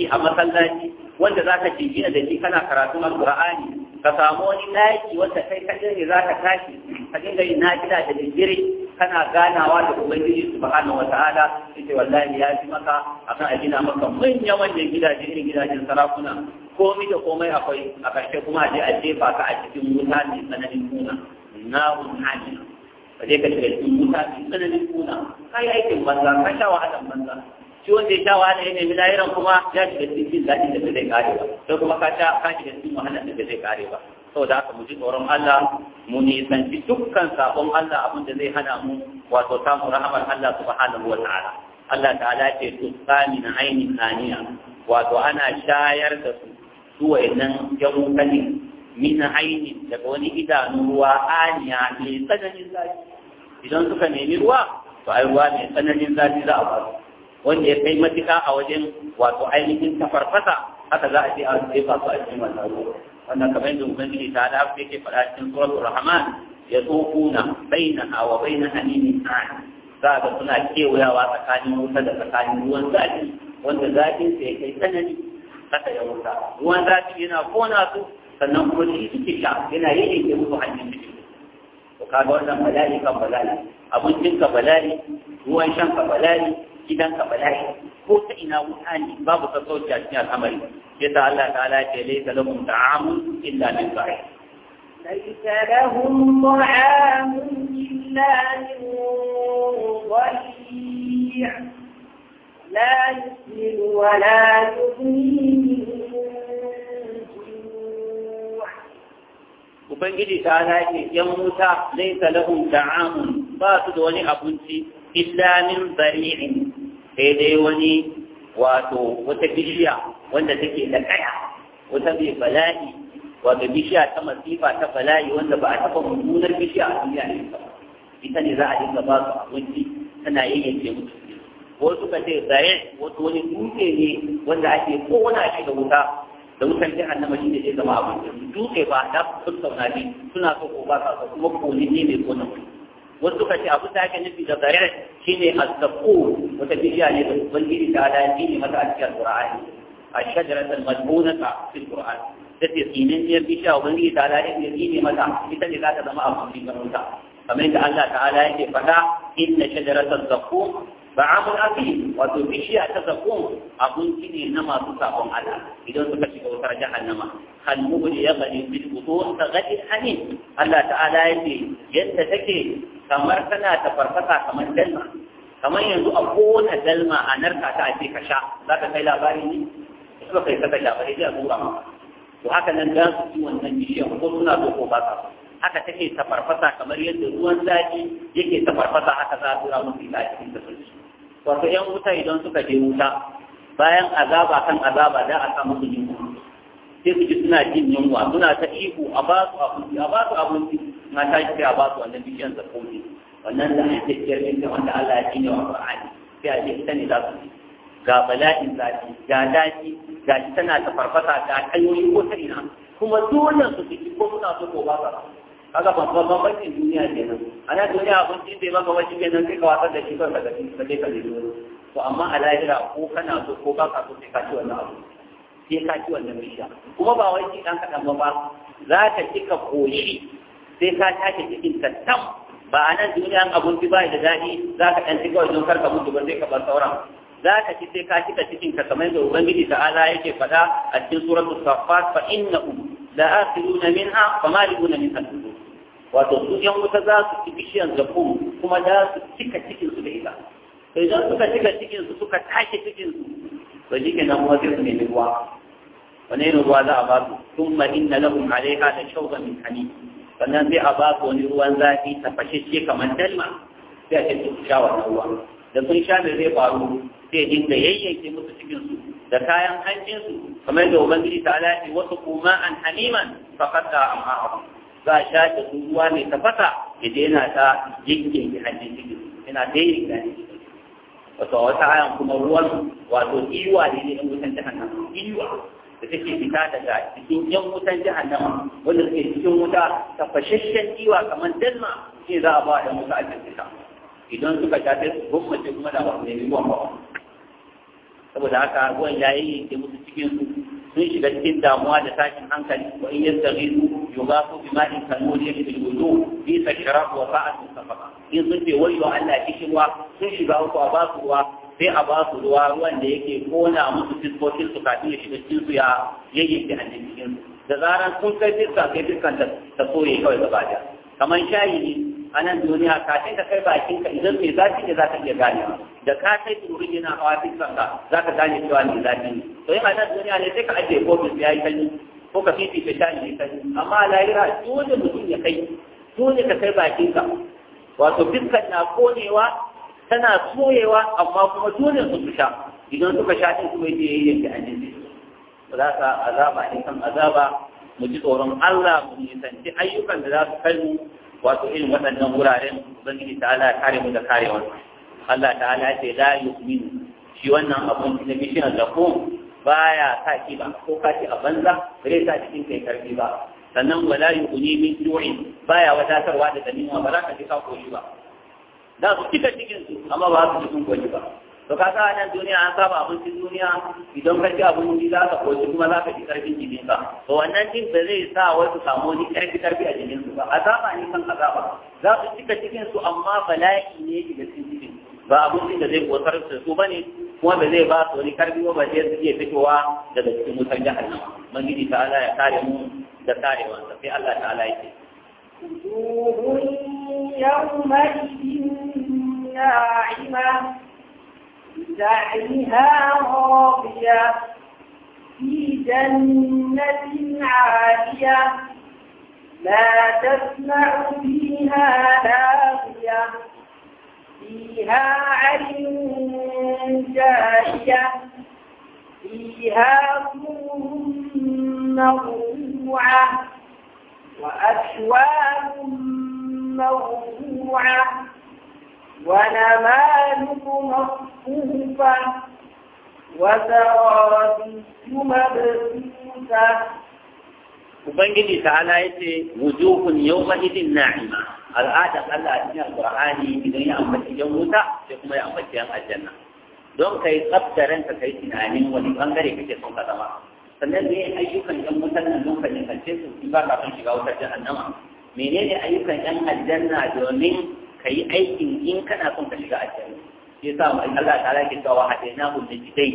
a masallaci wanda za ka jingina da shi kana karatun alƙur'ani ka samu wani ɗaki wanda kai ka ne za ka tashi ka dinga yin nafila da jirgire kana ganawa da ubangiji subhanahu wata'ala ita wallahi ya fi maka akan a gina maka manya manyan gidaje irin gidajen sarakuna komai da komai akwai a ƙarshe kuma a je a jefa ka a cikin wuta mai tsananin Na narun hajji ka je ka shiga cikin wuta mai tsananin kuna ka yi aikin banza ka sha wahalan banza shi wanda ya sha wahala ya nemi lahiran kuma ya shiga cikin daɗin da ba zai kare ba sai kuma ka ka shiga cikin wahalar da ba zai kare ba saboda haka mu ji tsoron Allah mu nisanci dukkan sabon Allah abin da zai hana mu wato samun rahamar Allah subhanahu wa ta'ala Allah ta'ala ce su sami na saniya wato ana shayar da su su wa'annan jamukani min aini daga wani idanun ruwa aniya mai tsananin zafi idan suka nemi ruwa to ai ruwa mai tsananin zafi za a ba wanda ya kai matuka a wajen wato ainihin tafarfasa haka za a ce an jefa su a cikin wannan ruwa wannan kamar yadda ubangiji ta da haka yake faɗa cikin suratul rahman ya tsofuna bainaha wa baina hamimin an za ga suna kewayawa tsakanin wuta da tsakanin ruwan zafi wanda zafin ya kai tsanani haka ya wuta ruwan zafi yana kona su sannan kuma shi suke sha yana ke musu hanyar cikin to kaga wannan bala'i kan bala'i ka bala'i ruwan shan ka bala'i Gidan gidanka bala'i ko ta ina wuta ne babu sassauci a cikin al'amari yadda Allah ta ta'ala ke da lahum ta'amun illa min ba'i ليس لهم طعام إلا من ضريع لا يسمن ولا يغني Ubangiji ta ke ‘yan wuta laisa lahum ta'amun ba su da wani abinci illa bari'in sai dai wani wato wata bishiya wanda take da kaya wata mai bala'i wato bishiya ta masifa ta bala'i wanda ba a taɓa mummunar bishiya a duniya ne ba ita ne za a dinga ba su abinci tana yayyanke mutu wasu ka ce zare wasu wani dutse ne wanda ake kowane ake da wuta da wutan jahannama shi ne zai zama abinci dutse ba da fuskar na suna so ko ba sa kuma koli ne mai kona mutu wasu suka ce abu da ake nufi da zarar shine as-saqu wata bishiya ne da ubangiji ta ala yi mata a cikin qur'ani ash-shajarat al-madmunata fi al-qur'an take tsinin ne bishiya ubangiji ta ala yi ne mata ita ne za ta zama abin da kamar yadda Allah ta'ala yake faɗa inna shajarat as-saqu Ba a mun afi wato bishiya ta zakon abinci ne na masu sakon Allah idan suka shiga wutar jahannama hal mubli yaqdi bil butun taghdi hanin Allah ta'ala ya ce yadda take kamar tana ta farfasa kamar dalma kamar yanzu a kowace dalma a narka ta ake kasha. za ka kai labari ne suka kai ka sha zai zura maka to haka nan da su ci wannan bishiya ko suna so ko ba ka haka take ta farfasa kamar yadda ruwan zafi yake ta farfasa haka za a tura musu ita a cikin da wato ‘yan wuta idan suka je wuta bayan azaba kan azaba da a samu su yunwa sai su ji suna jin yunwa suna ta ihu a ba su abinci a ba su abinci na ta ji a ba su wannan bishiyan zakoni wannan da ake jirgin da wanda Allah ya ji ne wa Qur'ani sai a ce ita ne za su ji ga bala'in zafi ga daji ga shi tana ta farfasa ga hanyoyi ko ta ina kuma dole su ji ko suna so ko ba su kaga babban bambancin duniya nan. a nan duniya abincin bai maka wajen kenan sai ka watsar da shi kan ka gaci ka je ka nemi wani to amma a lahira ko kana so ko ba ka so sai ka ci wannan abu sai ka ci wannan bishiya kuma ba wai ci ɗan kaɗan ba za ka ci ka koshi sai ka tashi cikin ka tam ba a nan duniya abinci ba da daɗi za ka ɗan ci kawai don kar ka mutu ba zai ka bar sauran za ka ci sai ka cika cikin ka kamar da ubangiji ta'ala yake faɗa a cikin suratul saffat fa innahum la akhiruna minha fa malibuna minha al wato su yan wuta za su ci bishiyan zakum kuma za su cika cikinsu da ita to idan suka cika cikinsu suka tashi cikinsu, su to shi kenan kuma zai su nemi ruwa wani irin ruwa za a ba su thumma inna lahum alaiha da shawban min hani sannan sai a ba su wani ruwan zafi tafashashe kamar dalma sai a ce su sha wannan ruwa da sun sha me zai faru sai dinga yayyanke musu cikinsu da kayan hancinsu kamar yadda ubangiji ta alaƙi wasu kuma an haliman faƙaɗa amma abu za a shaƙe ruwa mai tafasa ya je yana ta jinkin ki hannun ciki yana ta yi da ne wato wata ayan kuma ruwan wato iwa ne ne yan wutan jahannama iwa da take fita daga cikin yan wutan jahannama wanda suke cikin wuta ta tafashashen iwa kamar dalma shi za a ba da musu a cikin idan suka sha sai su gwamnati kuma da wasu ne ruwan ba saboda haka ruwan ya yi musu cikin su sun shiga cikin damuwa da tashin hankali wa in yastaghisu يغاث بماء كالمولي من الوجوه بئس الشراب وساءت مرتفقا in sun ce wayo Allah cikin wa sun shiga uku a basu ruwa sai a basu ruwa ruwan da yake kona musu fiskokin su kafin ya shiga cikin su ya yayyanke hannun cikin da zaran sun kai fiska sai fiskan ta soye kawai gaba da kamar shayi ne a nan duniya kafin ka kai bakin ka idan mai zafi ne za ka iya gane da ka kai turin yana hawa fiskan ka za ka gane cewa mai zafi ne to yin a nan duniya ne sai ka ajiye kofin ya yi sanyi ko ka fifita sha ne kai amma lahira dole mutum ya kai dole ka kai bakin ka wato fiskan na konewa tana soyewa amma kuma dole su sha idan suka sha din kuma yake yanke da jinsi ba za ka azaba ne kan azaba mu ji tsoron Allah mu nisanci ayyukan da za su kai mu wato irin waɗannan wuraren ubangiji ta Allah kare mu da karewar Allah ta'ala ce la yu'minu shi wannan abun da bishin da ko baya sa ki ba ko kashi a banza bare sa cikin kai karfi ba sannan wala yughni min ju'in baya wadatarwa da damuwa ba za ka ji ka koshi ba da su cika cikin su amma ba su cikin koshi ba to ka sa nan duniya an saba abincin duniya idan ka ci abincin za ka koshi kuma za ka ji karfin jikin ka to wannan jin ba zai sa wasu samu wani karfi karfi a jikin su ba azaba ne kan azaba za su cika cikin su amma bala'i ne daga cikin ba abincin da zai kosar su ba ne? kuma ba zai ba su wani karfi ba zai su iya fitowa daga cikin wutar jahannama ubangiji ta Allah ya kare mu da karewansa sai Allah ta Allah ce يومئذ راضية في جنة عالية لا تسمع فيها لاغية فيها عين جارية فيها سور مرفوعة وأكواب موضوعة ونمالك مصفوفة وزرابي مبثوثة Ubangiji ta ala ya ce wujuhun yau ma'idin na'ima al'adar Allah a cikin qurani idan ya ambaci yan wuta sai kuma ya ambaci yan aljanna don ka yi tsabta ranka ka yi tunanin wani bangare kake son ka zama sannan me ayyukan yan wutan nan don ka nisance su in ba son shiga wutar jahannama menene ayyukan yan aljanna domin ka yi aikin in kana son ka shiga aljanna shi yasa mu Allah ta'ala ke cewa hadainahu dai.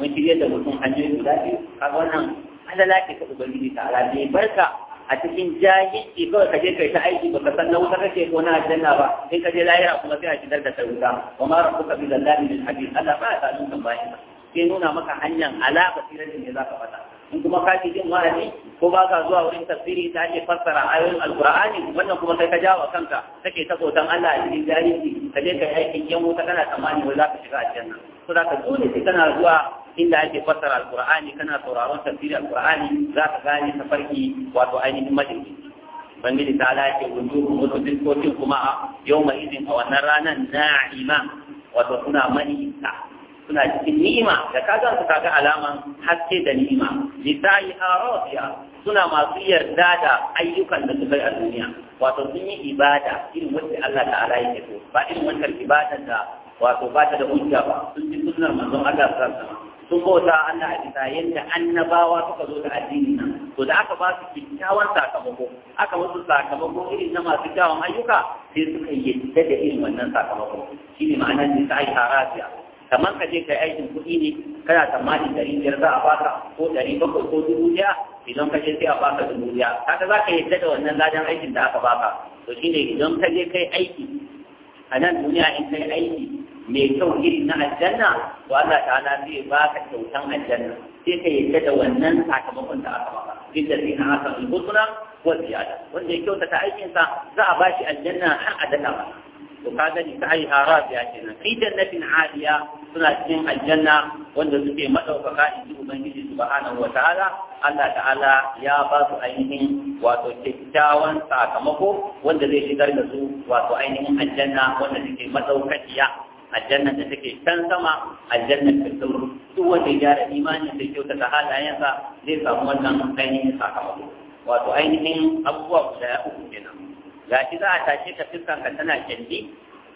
mun shirye da mutum hanyoyi guda biyu kaga wannan Allah ke ka ubangiji ta'ala bai barka a cikin jahilci kawai ka je kai ta aiki baka san na wuta kake ko na aljanna ba in ka je lahira kuma sai a shigar da ta wuta wa ma rabbuka bi zallamin lil habib Allah ba ta nuna bayan sai nuna maka hanyar ala basiratin da zaka fata in kuma ka ji jin wa'azi ko ba ka zuwa wurin tafsiri ta ce fassara ayoyin alqur'ani wannan kuma sai ka jawo kanka kake ta tsotan Allah a cikin jahilci ka je kai aikin yan wuta kana tsammani ba za ka shiga aljanna to da ka dole sai kana zuwa inda ake fassara alqur'ani kana sauraron tafsirin alqur'ani za ka gane farki wato ainihin majalisi bangiji ta lafi wujuhu wasu diskokin kuma a yau mai izin a wannan ranar na'ima wato suna mani'ita suna cikin ni'ima da ka gan su kaga alaman haske da ni'ima a harafiya suna masu yarda da ayyukan da suka yi a duniya wato sun yi ibada irin wacce Allah ta'ala yake so ba irin wannan ibada da wato ba ta da hujja ba sun ji sunnar manzon Allah sallallahu alaihi wasallam sun bauta Allah a bisa yadda annabawa suka zo da addini nan to da aka ba su kyakkyawan sakamako aka musu sakamako irin na masu kyawun ayyuka sai suka yadda da irin wannan sakamako shi ne ma'anar da ta aika rafiya kamar ka je ka aikin kuɗi ne kana tsammani ɗari biyar za a baka ko ɗari bakwai ko dubu ɗaya idan ka je sai a baka dubu ɗaya kaga za ka yadda da wannan ladan aikin da aka baka to ne idan ka je kai aiki a nan duniya in kai aiki mai kyau irin na aljanna to Allah ta'ala zai baka kyautan aljanna sai ka yadda da wannan sakamakon da aka baka inda sai aka al-husna wa ziyada wanda ya kyautata aikinsa sa za a bashi aljanna har a dana ba to kaga ni ta ai harafiya kenan fi jannatin aliya suna cikin aljanna wanda suke madaukaka in ji ubangiji subhanahu wataala Allah ta'ala ya ba su ainihin wato kyakkyawan sakamako wanda zai shigar da su wato ainihin aljanna wanda suke madaukakiya aljanna da take can sama aljanna firdaus duk wanda ya gyara imanin da kyautata halayensa zai samu wannan ainihin sakamako wato ainihin abubuwa guda uku kenan shi za a tashe ka fiskan tana kyalli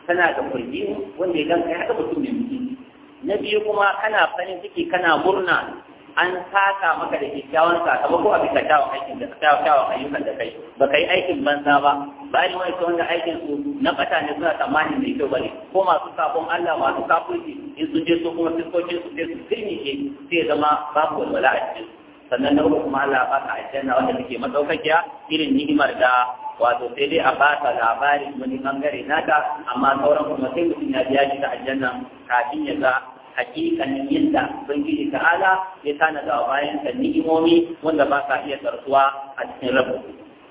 tana da kurji wanda idan ka haka mutum mai mutunci na biyu kuma kana farin ciki kana murna an saka maka da kyakkyawan sakamako a bisa kyawun aikin da kyawun ayyukan da kai ba ka yi aikin banza ba mai wani wanda aikin su na bata ne suna tsammanin mai kyau bane ko masu sabon Allah masu kafirci in sun je su kuma fiskokin su sai su ke sai zama babu walwala a cikin sannan na uku kuma Allah ba ka aljanna wanda take madaukakiya irin ni'imar da wato sai dai a ba ta labarin wani bangare nata amma sauran kuma sai mutum ya biya shi da aljanna kafin ya ga hakikanin yadda ubangiji ta'ala ya tana da bayan ta ni'imomi wanda ba sa iya tsarsuwa a cikin rabu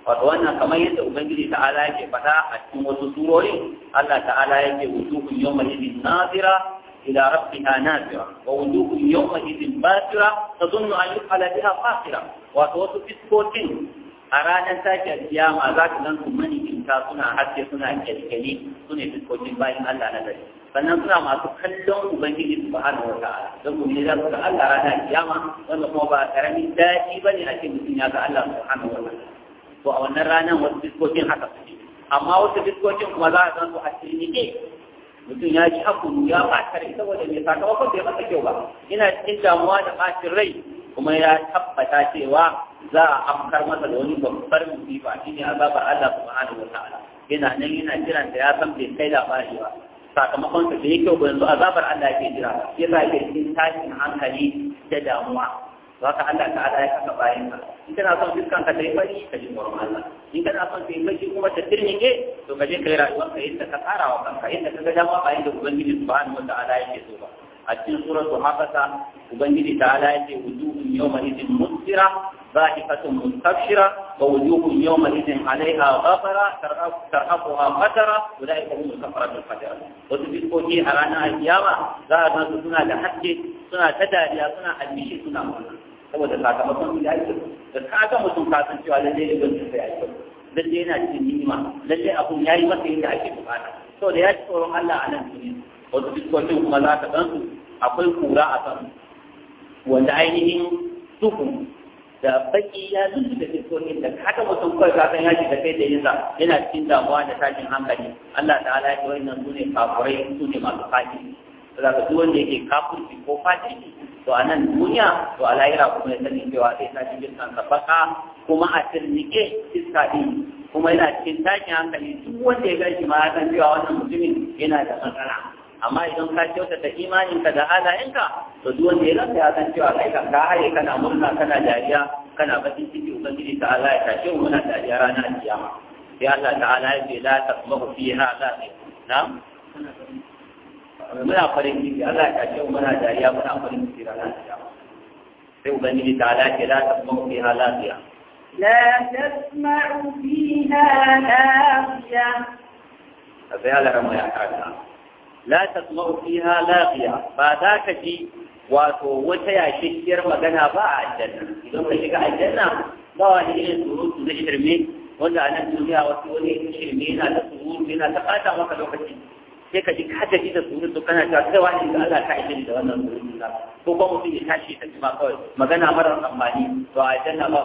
wato wannan kamar yadda ubangiji ta'ala yake fata a cikin wasu surori Allah ta'ala yake wujuhun yawma idin nazira إلى ربها نافرة ووجوه يومئذ basira, تظن أن يفعل بها فاخرة wato wasu fiskotin. a ranar sake kiyama za ka zan su manikinta suna haske suna kyalkyali su ne fuskokin bayan Allah na gari sannan suna masu kallon ubangiji su ba'ar wa wata don kuma ne za su ga Allah ranar kiyama wanda kuma ba karamin daɗi ba ne a ce mutum ya ga Allah su hana wata ta'ala to a wannan ranar wasu fuskokin haka su amma wasu fuskokin kuma za a zan su a cikin mutum ya ji hakuru ya fatar saboda mai sakamakon bai masa kyau ba ina cikin damuwa da ɓacin rai kuma ya tabbata cewa za a afkar masa da wani babbar musiba shine azabar Allah subhanahu wa ta'ala yana nan yana jiran da ya san bai kai labari ba sakamakon sa da yake ba yanzu azabar Allah yake jira ya sa yake cikin tashin hankali da damuwa za ka Allah ala ya kasa bayan ka in kana son fiskan ka tayi fari ka ji tsoron Allah in kana son yi baki kuma ta ke? to ka je kai rayuwar ka yadda ka tsara wa kanka yadda ka ga dama bayan da ubangiji subhanahu wa ta'ala yake so ba a cikin suratu hafasa ubangiji ta ala yace wujuhun yawma idin musira ضاحكة مستبشرة ووجوه يومئذ عليها Wasu ترهقها قترة أولئك هم a الفجرة وتفكوا في أرانا القيامة لا الناس سنة لحكي سنة تداريا سنة المشي سنة مرة saboda sakamakon ya yayi da kaga mutum kasan cewa lalle ya sai ya lalle yana cikin ni'ima lalle abun ya masa yadda ake bukata saboda ya ci tsoron Allah a nan duniya wasu fiskokin kuma za ta gansu akwai kura a kan wanda ainihin duhu da baki ya zuci da fiskokin da kada mutum kawai ka san yaji da kai da yinsa yana cikin damuwa da tashin hankali Allah ta'ala ya ce wannan sune kafurai masu fadi za ka duk wanda yake kafurci ko fadi to a nan duniya to a lahira kuma ya sani cewa sai ta cikin kansa baka kuma a tirnike iska din kuma yana cikin takin hankali duk wanda ya gashi ma ya san cewa wannan mutumin yana da matsala amma idan ka kyautata imaninka da halayenka to duk wanda ya rasa ya san cewa kai kan ka haye kana murna kana dariya kana bakin ciki ubangiji ta Allah ya tashi mu muna dariya rana kiyama sai Allah ta'ala ya ce la tasmahu fiha la na'am muna farin ciki Allah ya tashi mu muna dariya muna farin ciki ranar kiyama sai ubangiji ta Allah ya ce la tasmahu fiha la لا تسمع فيها لاغية. هذا على رمى يا la tasma'u fiha laqiya ba za ka ji wato wata yashishiyar magana ba a aljanna idan ka shiga aljanna ba wani irin surutu na shirme wanda a nan wasu wani shirme yana da surutu yana ta ɓata maka lokaci sai ka ji ka gaji da surutu kana cewa kai wani da Allah ka ajiye da wannan surutu ko kuma mutum ta kawai magana marar amfani to a aljanna ba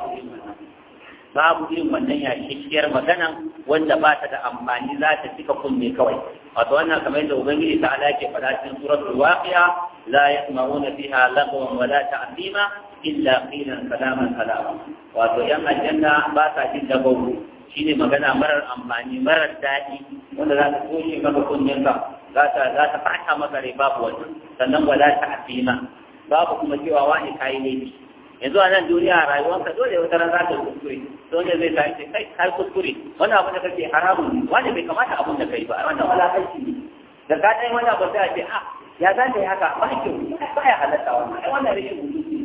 babu irin wannan yashikkiyar magana wanda ba ta da amfani za ta cika kunne kawai wato wannan kamar yadda ubangiji ta ala ke faɗa cikin suratul waqi'a la yasma'una fiha lagwan wala ta'thima illa qilan salaman salama wato yan aljanna ba sa jin dabaru shine magana marar amfani marar daɗi wanda za ta toshe maka kunnenka za ta za ta fata maka rai babu wannan sannan wala ta'thima babu kuma cewa wani kayi laifi yanzu a nan duniya a rayuwarka dole wata ran za ka kuskure dole zai sa ce kai kai kuskure wani abin da kake haramun wani wanda bai kamata abin da kai ba wannan wala aiki ne da ka dai wani ba sai a ce ah ya za ta yi haka ba ki ba ya halatta wannan ai wannan rashin mutunci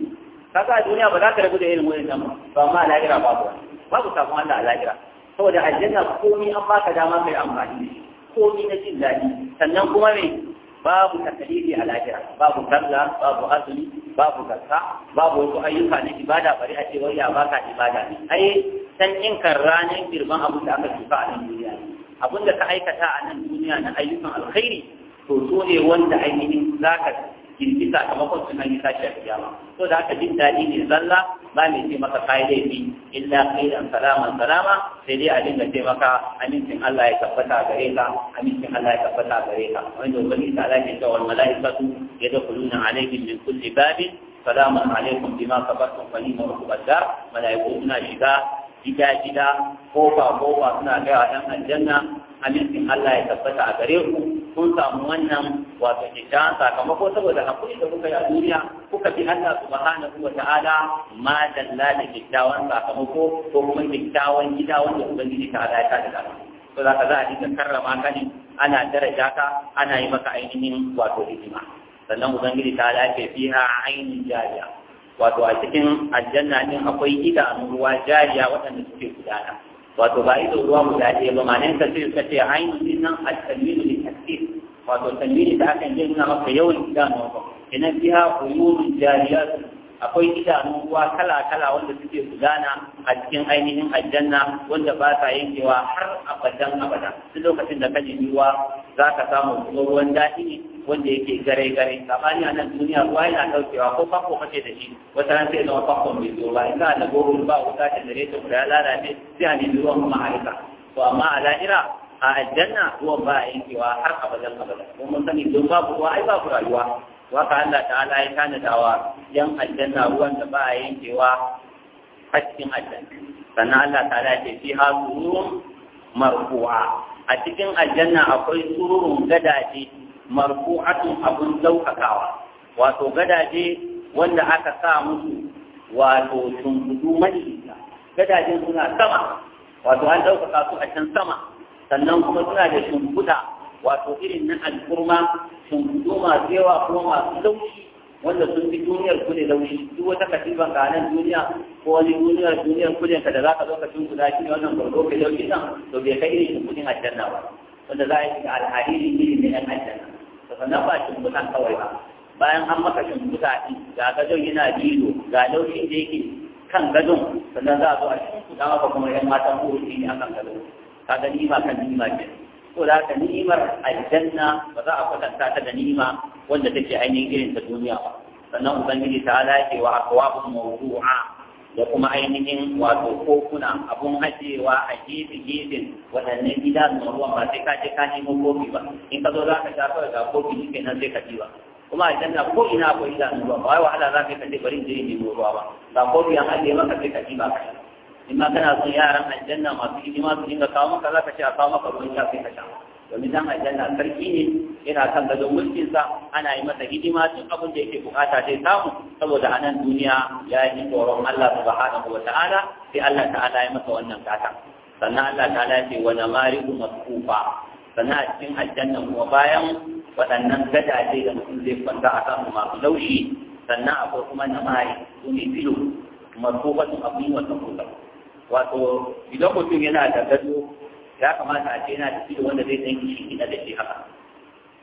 Ka sa duniya ba za ka rabu da irin wannan nan ba amma a lahira babu babu sabon Allah a lahira saboda aljanna komai an baka dama kai amfani komai na jin daɗi sannan kuma me babu takalifi a lahira babu kalla babu azumi babu zakka babu wasu ayyuka na ibada bari a ce wai ya baka ibada ne ai san in kan ranar girman abin da aka tuka a nan duniya abin da ka aikata a nan duniya na ayyukan alkhairi to so ne wanda ainihin zaka jirgi sakamakon suna yi a kiyama to da aka jin daɗi ne zalla ba mai ce maka kai laifi illa kai da salama sai dai a dinga ce maka amincin Allah ya tabbata gare ka amincin Allah ya tabbata gare ka wanda wani isa ala ke cewa malaikatu yadkhuluna alaihim min kulli babin salamun alaikum bima sabartum fa ni'ma uqbal dar malaikatu suna shiga gida gida kofa kofa suna gaya wa ɗan aljanna amincin Allah ya tabbata a gare ku kun samu wannan wato kyakkyawan sakamako saboda hakuri da kuka yi a duniya kuka bi Allah subhanahu wa ta'ala ma dalla da kyakkyawan sakamako ko kuma kyakkyawan gida wanda ubangiji ta ala ta daga to za ka za a dinga karrama ka ne ana daraja ka ana yi maka ainihin wato hikima sannan ubangiji ta ala ke fiha ainihin jariya wato a cikin aljanna din akwai idanun ruwa jariya waɗanda suke gudana wato ba ido ruwa guda ɗaya ba ma'anin ka sai ka ce ainihin dinnan al-talwin li tasir wato talwin da aka yi nuna maka yawan idanu ba idan biya uyunun jariyat akwai idanu ruwa kala kala wanda suke gudana a cikin ainihin aljanna wanda ba sa yankewa har abadan abadan duk lokacin da ka nemi ruwa za ka samu ruwan daɗi ne wanda yake gare gare kamani a nan duniya ruwa yana daukewa ko fako kake da shi wata ran sai zama fako mai zuwa in ka da goro ba wuta ta dare ta da lalace sai a nemi ruwan kuma harika to amma a la'ira a aljanna ruwan ba a yankewa har abadan abadan ko mun sani don babu ruwa ai babu rayuwa waka Allah ta'ala ya dawa yan aljanna ruwan da ba a yankewa a cikin aljanna sannan Allah ta'ala ya ce fi hasurun marfu'a a cikin aljanna akwai sururun gadaje marfu'atun abun daukakawa wato gadaje wanda aka sa musu wato shimfidu madidita gadajen suna sama wato an daukaka su a can sama sannan kuma suna da shimfuda wato irin na alkurma shimfidu masu yawa kuma masu laushi wanda sun fi duniyar ku ne laushi duk wata katifan ka nan duniya ko wani duniyar duniyar ku ne ka da zaka zo ka shimfiɗa shi ne wannan gwargo kai laushi nan to bai kai irin shimfiɗin aljanna ba wanda za a yi alhariri irin na yan aljanna daga na ba shimfiɗan kawai ba bayan an maka shimfiɗa ɗin ga gadon yana lilo ga laushin da yake kan gadon sannan za a zo a shimfiɗa ba kuma ‘yan matan kowace ne a kan gadon kaga ni'ima kan nima ke ko da haka ni'imar aljanna ba za a kwatanta ta da ni'ima wanda take ainihin irin ta duniya ba sannan ubangiji ta ala wa akwabu mawdu'a da kuma ainihin wato kokuna abun ajiyewa a gefe gefen wadannan gida na ruwan ba sai ka je ka nemo kofi ba in ka zo za ka shafa ga kofi shi nan sai ka ci ba kuma a janna ko ina akwai idanun ruwa ba wai wahala za ka yi kace bari jiri je in nemo ruwa ba ga kofi an haɗe maka sai ka ci ba kai in ma kana son yaran aljanna masu hidima su dinga kawo maka za ka ce a kawo maka ruwan sha sai ka sha domin dan aljanna sarki ne yana kan gadon mulkin sa ana yi masa hidima duk abin da yake bukata sai samu saboda a nan duniya ya yi tsoron Allah subhanahu wa ta'ala sai Allah ta'ala ya masa wannan gata sannan Allah ta'ala ya ce wa namariku maskufa sannan a cikin aljanna kuma bayan waɗannan gadaje da mutum zai kwanta a kan masu laushi sannan akwai kuma namari su ne filo sun maskufatun abin wata kusa wato idan mutum yana da gado ya kamata a ce yana da ido wanda zai san shi gida da shi haka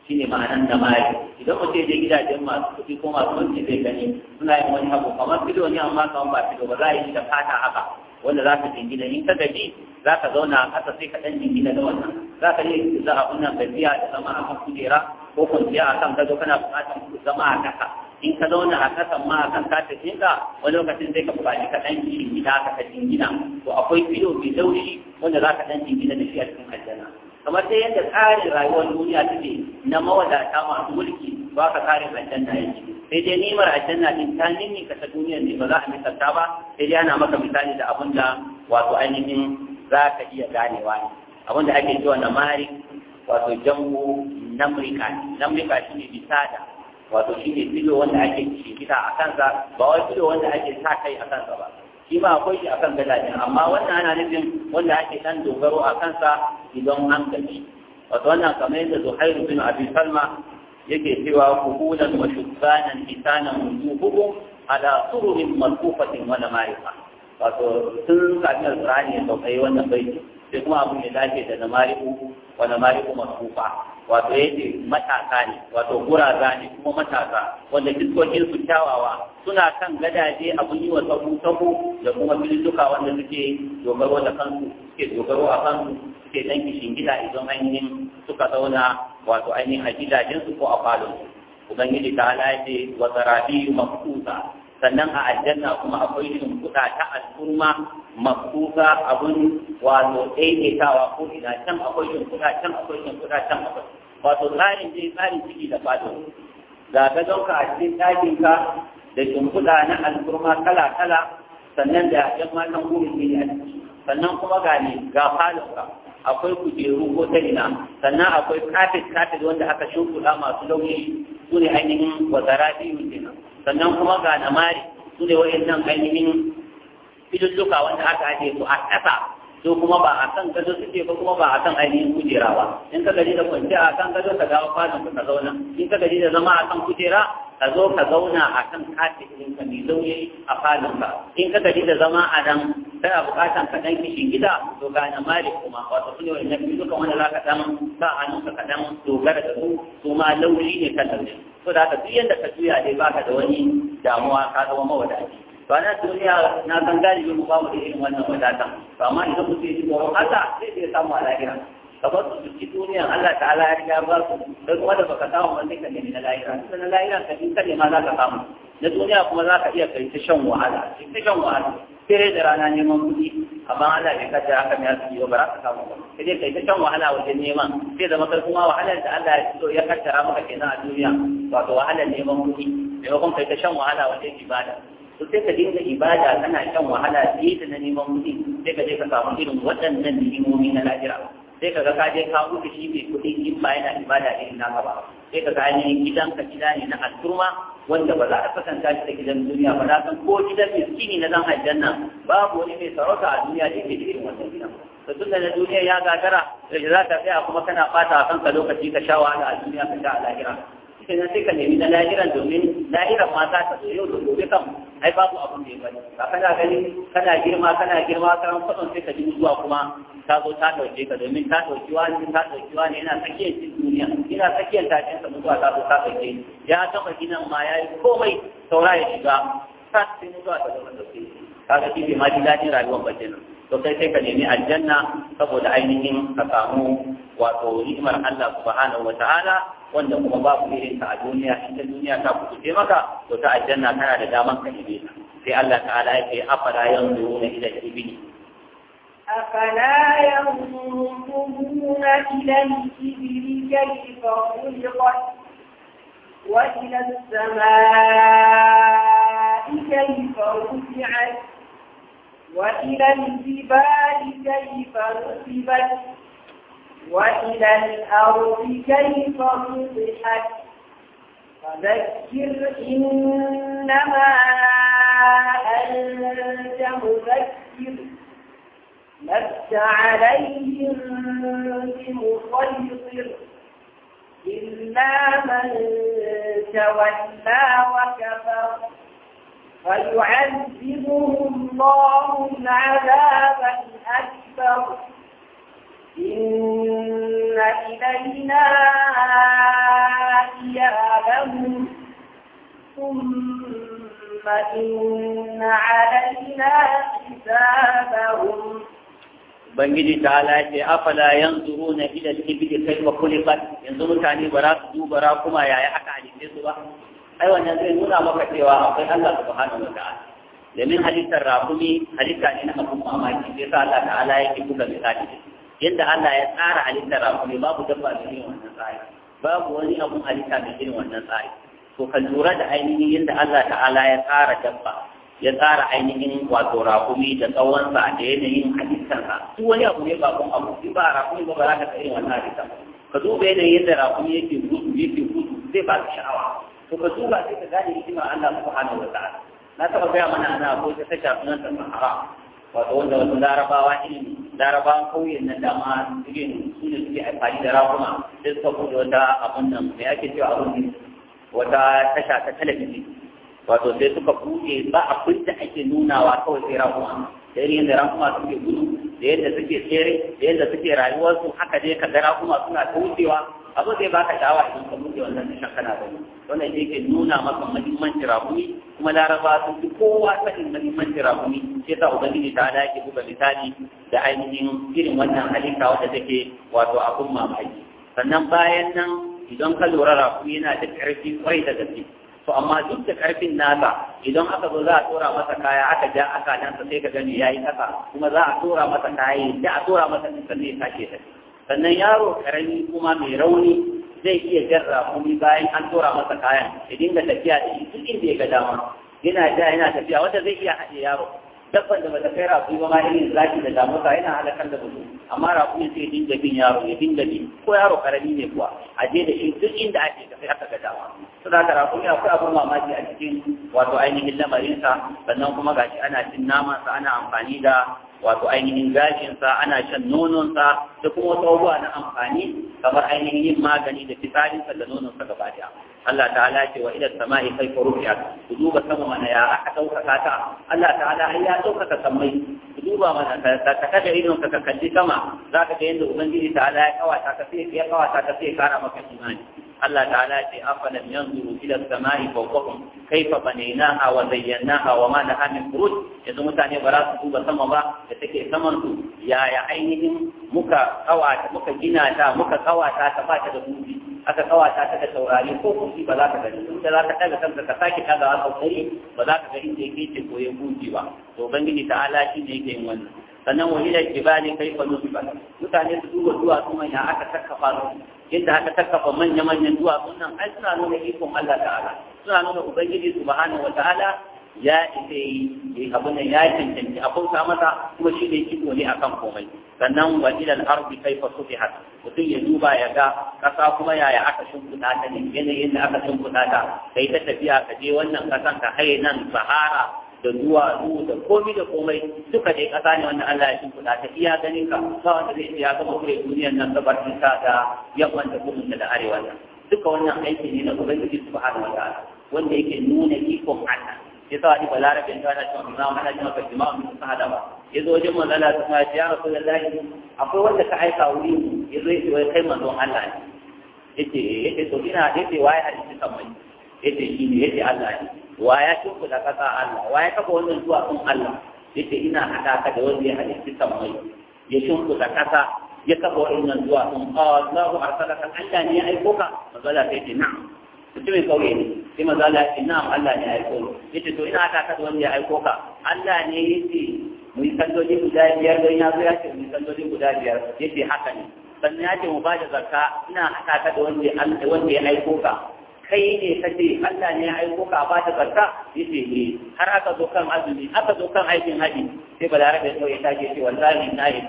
shi ne ma'anan da mai idan mutum ya je gidajen masu kuɗi ko masu wanci zai gani suna yin wani abu kamar ido ne amma kamar ba ido ba za a yi da fata haka wanda za ka jingina in ka gaji za ka zauna a kasa sai ka ɗan jingina da wannan za ka yi za a kunna gajiya da zama a kan kujera ko kwanciya a kan gado kana buƙatar zama a ƙasa in ka zauna a kasan ma kan ka tafi ka wani lokacin zai ka buƙaci ka ɗan jingina ka ka jingina to akwai filo mai laushi wanda za ka ɗan jingina da shi a cikin aljanna kamar sai yadda tsarin rayuwar duniya take na mawadata masu mulki ba ka tsarin aljanna yake sai dai nimar aljanna din ta nini ka ta kasa-duniya ne ba za a misalta ba sai dai ana maka misali da abin da wato ainihin za ka iya ganewa ne abin da ake cewa na mari wato jango namrika namrika shi ne bisada wato shi ne filo wanda ake shigita a kansa ba wai filo wanda ake sa kai a kansa ba shi ma akwai shi a kan gadajen amma wannan ana nufin wanda ake ɗan dogaro a kansa idan an gaji wato wannan kamar yadda zuhairu bin abi salma yake cewa kuhulan wa shubbanan hisanan wujuhuhum ala sururin marfufatin wala marifa wato sun kafin alƙur'ani ya saukai wannan baiti sai kuma abin ya dace da na marifu wala marifu marfufa wato yake matasa ne wato guraza ne kuma matasa wanda fiskokin su kyawawa suna kan gadaje abun yi wa tsaku tsaku da kuma filissuka wanda suke dogaro da kansu suke dogaro a kansu suke dan kishin gida idan ainihin suka zauna wato ainihin a gidajensu ko a falon ubangiji ta halaye wa zarabiyu mafusa sannan a aljanna kuma akwai shimfiɗa ta al'umma mafuka abun wato daidaitawa ko ina can akwai shimfiɗa can akwai shimfiɗa can akwai wato tsarin zai tsarin ciki da fado ga ka zauka a cikin ɗakinka da shimfiɗa na alfurma kala-kala sannan da ‘yan matan kuma ne a sannan kuma ga ne ga falonka akwai kujeru ko ta ina sannan akwai kafet kafet wanda aka shimfiɗa masu launi su ne ainihin wazara biyu kenan sannan kuma ga namari su ne wa'in nan ainihin filulluka wanda aka ajiye su a ƙasa su kuma ba a kan gado suke ba kuma ba a kan ainihin kujera ba in ka gaji da kwanci a kan gado ka dawo falon ka zauna in ka gaji da zama a kan kujera ka zo ka zauna a kan katin ka mai zaune a falon ka in ka gaji da zama a nan a bukatan ka dan kishin gida to ga na mali kuma wato su ne wannan biyu duka wanda za ka ɗan sa hannunka ka ɗan dogara da su su ma lauri ne kan lauri to da haka duk yadda ka juya dai baka da wani damuwa ka zama mawadaci ba na duniya na san galibin ba mu da irin wannan wadatan to amma idan mutum ya ji tsoron haka zai iya samu a lahira kamar su ci duniya Allah ta'ala ya riga ba su don kuma da baka samu wani ka gani na lahira tunda na lahira ka ji kane ma za ka samu na duniya kuma za ka iya kai ta shan wahala ta shan wahala sai da rana neman kuɗi amma Allah bai kaddara haka ne su yi ba za ka samu ba sai dai kai ta shan wahala wajen neman sai da makar kuma wahalar da Allah ya so ya kaddara maka kenan a duniya wato wahalar neman kuɗi maimakon kai ta shan wahala wajen ibada to sai ka dinga ibada kana shan wahala fiye da na neman mutu sai ka je ka samu irin waɗannan ni'imomi na lahira sai ka ga ka je ka wuce shi mai kuɗi in ba yana ibada irin naka ba sai ka ga ne ka gida ne na al'umma wanda ba za a kasanta shi da gidan duniya ba na san ko gidan miskini na zan aljanna babu wani mai sarauta a duniya da yake da irin wannan gidan da tunda na duniya ya gagara da za ka tsaya kuma kana fata a kanka lokaci ka sha wahala a duniya ka sha a lahira sai ka nemi na lahiran domin lahiran ma za ta zo yau da gobe kan ai babu abin da ya bari ba kana gani kana girma kana girma kan kudin sai ka ji zuwa kuma ta zo ta dauke ka domin ta dauki wani ta dauki wani yana tsakiyar cikin duniya ina tsakiyar tashin ka zuwa ta zo ta dauke ya gama gidan ma ya yi komai saura ya shiga ta sai zuwa ta zama dauke kaga shi bai ma ji daɗin rayuwar ba kenan to sai sai ka nemi aljanna saboda ainihin ka samu wato ni'imar Allah subhanahu wataala wanda kuma babu irin ta a duniya ta duniya ta kuɗe maka to ta aljanna kana da daman ka nemi ta sai Allah ta'ala ya ce afala yanzuruna ila al-ibli أفلا ينظرون إلى الإبل كيف خلقت وإلى السماء كيف رفعت وإلى الجبال كيف نصبت وإلى الأرض كيف نصحت فذكر إنما أنت مذكر لست عليهم بمسيطر إلا من تولى وكفر فيعذبه الله العذاب الأكبر إن إلينا إيابهم ثم إن علينا حسابهم بنجد تعالى يتي أفلا ينظرون إلى الإبل كيف خلقت ينظرون تاني براك دو براكما يا أكا عليك ai wannan zai nuna maka cewa akwai Allah subhanahu wa ta'ala domin halittar rakumi halitta ne na abun mamaki sai sa Allah ta'ala yake buga misali yadda Allah ya tsara halittar rakumi babu dabba da irin wannan tsari babu wani abun halitta da irin wannan tsari to ka lura da ainihin yadda Allah ta'ala ya tsara dabba ya tsara ainihin wato rahumi da tsawonsa da yanayin halittarsa duk wani abu ne babban abu in ba rahumi ba ba za ka tsaye wannan halittar ka duba yanayin yadda rahumi yake gudu yake gudu zai ba ka sha'awa to ba duba sai ka gane hikima Allah subhanahu wa ta'ala na taba gaya mana ana ko ta tasha sunan ta sahara wato wanda wasu larabawa ilimi larabawan kauyen nan dama suke su ne suke amfani da rakuma sai suka bude wata abun nan me ake cewa abun wata tasha ta talabijin wato sai suka bude ba abin da ake nunawa kawai sai rakuma da irin suke gudu da yadda suke tsere da yadda suke rayuwarsu haka dai ka ga kuma suna ta wucewa abu zai baka sha'awa idan ka buɗe wannan tashan kana gani wannan shi ke nuna maka mahimmancin rakumi kuma laraba sun fi kowa sanin mahimmancin rakumi shi yasa ubangiji ta ala yake buga misali da ainihin irin wannan halitta wadda take wato abun mamaki sannan bayan nan idan ka lura rakumi yana da ƙarfi kwarai da gaske to amma duk da karfin nasa idan aka zo za a tura masa kaya aka ja aka nan sai ka gani yayi kasa kuma za a tura masa kaya da a tura masa sannan ya sake ta sannan yaro karami kuma mai rauni zai iya jarra kuma bayan an tura masa kayan ya dinga tafiya da shi duk inda ya ga dama yana ja yana tafiya wanda zai iya haɗe yaro dabban da bata kai rafi ba ma irin zaki da damuwa yana halakar da mutum amma rafi sai dinga bin yaro ya dinga bin ko yaro karami ne kuwa a je da shi duk inda ake tafi aka ga dama Suna da ka rafi akwai abin mamaki a cikin wato ainihin lamarinsa sannan kuma gashi ana cin namansa ana amfani da wato ainihin gashinsa ana shan nononsa da kuma sabuwa abubuwa na amfani kamar ainihin yin magani da fitsarinsa da sa gaba daya Allah ta'ala ce wa ila sama'i kaifa rufi'at ku duba sama mana ya aka daukaka ta Allah ta'ala ai ya daukaka sammai ku duba mana ta kada idon ka kalli sama zaka ga yanda ubangiji ta'ala ya kawata ka sai ya kawata ka sai kara maka imani Allah ta'ala ce afalam yanzuru ila sama'i fawqahum kaifa banaynaha wa zayyanaha wa ma laha min furuj yanzu mutane ba za su duba sama ba da take saman su yaya ainihin muka kawata muka gina ta muka kawata ta ba ta da dubi aka kawata ta da saurari ko kusi ba za ka gani da za ka ɗaga kanka ka sake ɗaga a kautari ba za ka gani da yake ce koyon buji ba to ubangiji ta ala shi ne yake yin wannan sannan wani da ne kai fa nufi ba mutane su duba duwatsu manya aka takkafa su yadda aka takkafa manya-manyan duwatsun nan ai suna nuna ikon Allah ta'ala suna nuna ubangiji subhanahu wa ta'ala ya isa yi abin nan ya cancanci a kauta masa kuma shi ne kido ne kan komai sannan wa ila al-ardi kayfa sufihat mutum ya duba ya ga kasa kuma yaya aka shimfiɗa ta ne yanayin da aka shimfiɗa ta kai ta tafiya ka je wannan kasan ka haye nan sahara da duwatsu da komi da komai duka dai kasa ne wanda Allah ya shimfiɗa ta iya ganin ka ba wanda zai iya gama kure duniyar nan gabar ta da yamman da kudin da arewa duka wannan aiki ne na ubangiji subhanahu wa ta'ala wanda yake nuna ikon Allah ya sa ni balarabin ta ta cewa na mana jima kan jima mun sa hada ba ya zo wajen manzala ta ma ya rasulullahi akwai wanda ka aika wuri ya zo ya ce wai kai manzon Allah ne yace eh. yace to ina yace waye hadisi kan mai yace shi ne yace Allah ne wa ya tuku da kasa Allah wa ya kafa wannan zuwa kun Allah yace ina hada ka da wanda ya hadisi kan mai ya tuku da kasa ya kafa wannan zuwa kan Allah arsalaka Allah ne ya aiko ka manzala ta yace na'am mutumin kauye ne sai maza Allah ya ina Allah ne ya aiko yace to ina ka kada wanda ya aiko ka Allah ne yace mu yi salloli guda biyar don ya zo ya ce mu yi salloli guda biyar yace haka ne sannan yace mu ba da zakka ina haka kada wanda ya wanda ya aiko ka kai ne kace Allah ne ya aiko ka ba ta zakka yace ne eh. har aka zo kan azumi aka zo kan aikin haji sai balarabe ya tashi ya ce wallahi na yi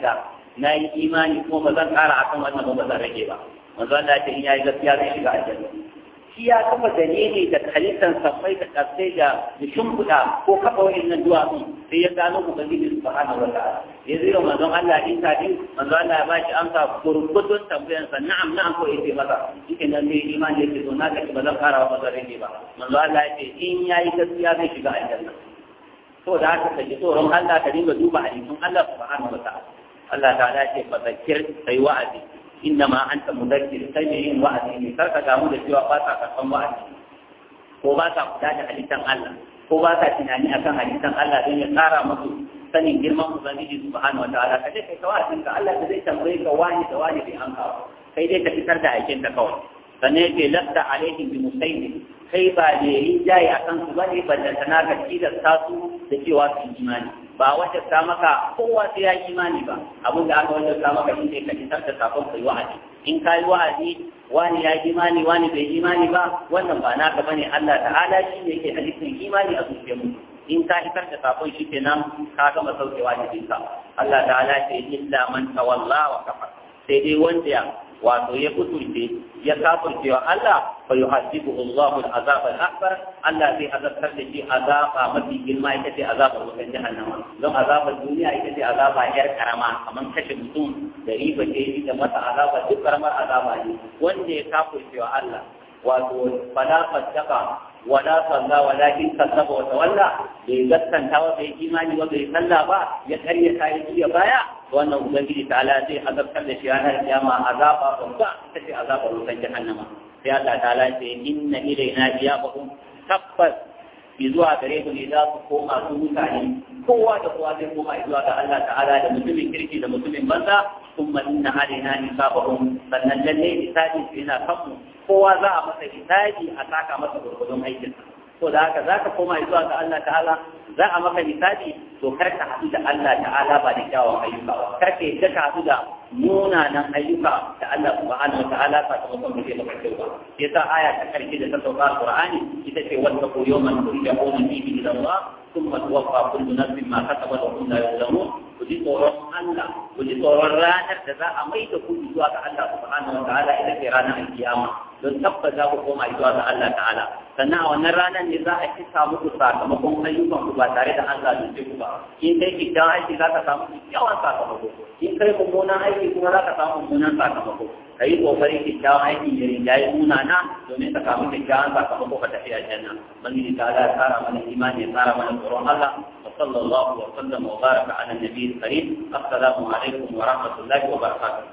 na yi imani kuma ba zan kara akan wannan ba ba zan rage ba manzo Allah ya ce in yayi gaskiya zai shiga aljanna shi ya kafa dalili da halittar safai da ƙarsai da shimfiɗa ko kafa wani wa'annan duwatsu sai ya gano ubangiji subhanahu wa ta'ala ya zira manzon Allah in ta din manzon Allah ya baki amsa gurgudun tambayan sa na'am na'am ko yace masa yake nan ne imani yake zo na kake ba zan fara ba zan rage ba manzon Allah ya ce in yayi gaskiya zai shiga aljanna to da haka kaji tsoron Allah ka dinga duba halittun Allah subhanahu wa ta'ala Allah ta'ala ya ce fa zakir sai wa'adi ma innama anta mudakkir kai ne yin wa'azi ne kar ka damu da cewa ba sa karban wa'azi ko ba sa kula da halittan Allah ko ba sa tunani akan halittan Allah don ya tsara musu sanin girman ubangiji subhanahu wa ta'ala kaje kai tawazin ka Allah zai tambaye ka wani da wani bai amsa kai dai ka fitar da aikin ka kawai sannan yake lasta alaihim bi musayyin kai ba da yi jayi akan su bane ballantana ka kidar tasu da cewa su imani ba wacce ta maka kowa sai ya yi imani ba abin da aka wajen ta maka shi ne ka isar da ka yi wa'azi in ka yi wa'azi wani ya yi imani wani bai yi imani ba wannan ba naka bane Allah ta'ala shi ne yake halittar imani a zuciyar mu in ka isar da kafin shi nan, ka gama saukewa wa jikinka. Allah ta'ala ce illa man tawalla wa kafar sai dai wanda wato ya kuturce ya kafurce wa Allah fa yuhadibu Allahu al-azab al-akbar Allah zai azabtar da shi azaba mafi girma ita ce azabar wutan jahannama don azabar duniya ita ce azaba yar karama kamar kashe mutum da riba ce da masa azaba duk karamar azaba ne wanda ya kafurce wa Allah wato fala fasaka wala salla walakin kallaba wa tawalla bai gaskanta wa bai imani wa bai salla ba ya karya ta ya baya wannan ubangiji ta'ala zai azabtar da shi ranar kiyama azaba babba ita ce azabar wutan jahannama sai Allah ta'ala ce inna ilaina iyabahum tabbas zuwa gare ne za su koma su mutane kowa da kowa zai koma zuwa ga Allah ta'ala da mutumin kirki da mutumin banza kuma inna alaina nisabahum sannan lalle hisabi yana kanmu kowa za a masa hisabi a saka masa gurgurdun aikinsa to da haka zaka koma zuwa ga Allah ta'ala za a maka misali to kar ka haɗu da Allah ta'ala ba da kyawun ayyuka ba kar ka yadda ka haɗu da munanan ayyuka da Allah subhanahu ta'ala sakamakon da zai kyau ba yasa aya ta karshe da ta sauka Qur'ani ita ce wanda ko yawman turja'una fihi ila Allah ثم توفى كل نفس ما كسبت وهم لا يظلمون kuji tsoron Allah kuji tsoron ranar da za a mai da ku zuwa ga Allah subhanahu wa ta'ala ita ce ranar kiyama don tabbata ku koma zuwa ga Allah ta'ala sannan a wannan ranar ne za a ci samu ku sakamakon ayyukan ku ba tare da an zalunce ku ba in kai kikkiawan aiki za ka samu sakamako kai mummunan aiki kuma za ka samu mummunan sakamako ka yi ƙoƙari kyakkyawan aiki da rinjaye munana domin ka samu kyakkyawan sakamako ka tafi aljanna ubangiji ta ala tsara mana imani ya tsara mana tsoron Allah wa sallallahu wa sallam wa baraka ala nabiyyi karim assalamu alaikum wa rahmatullahi wa barakatuh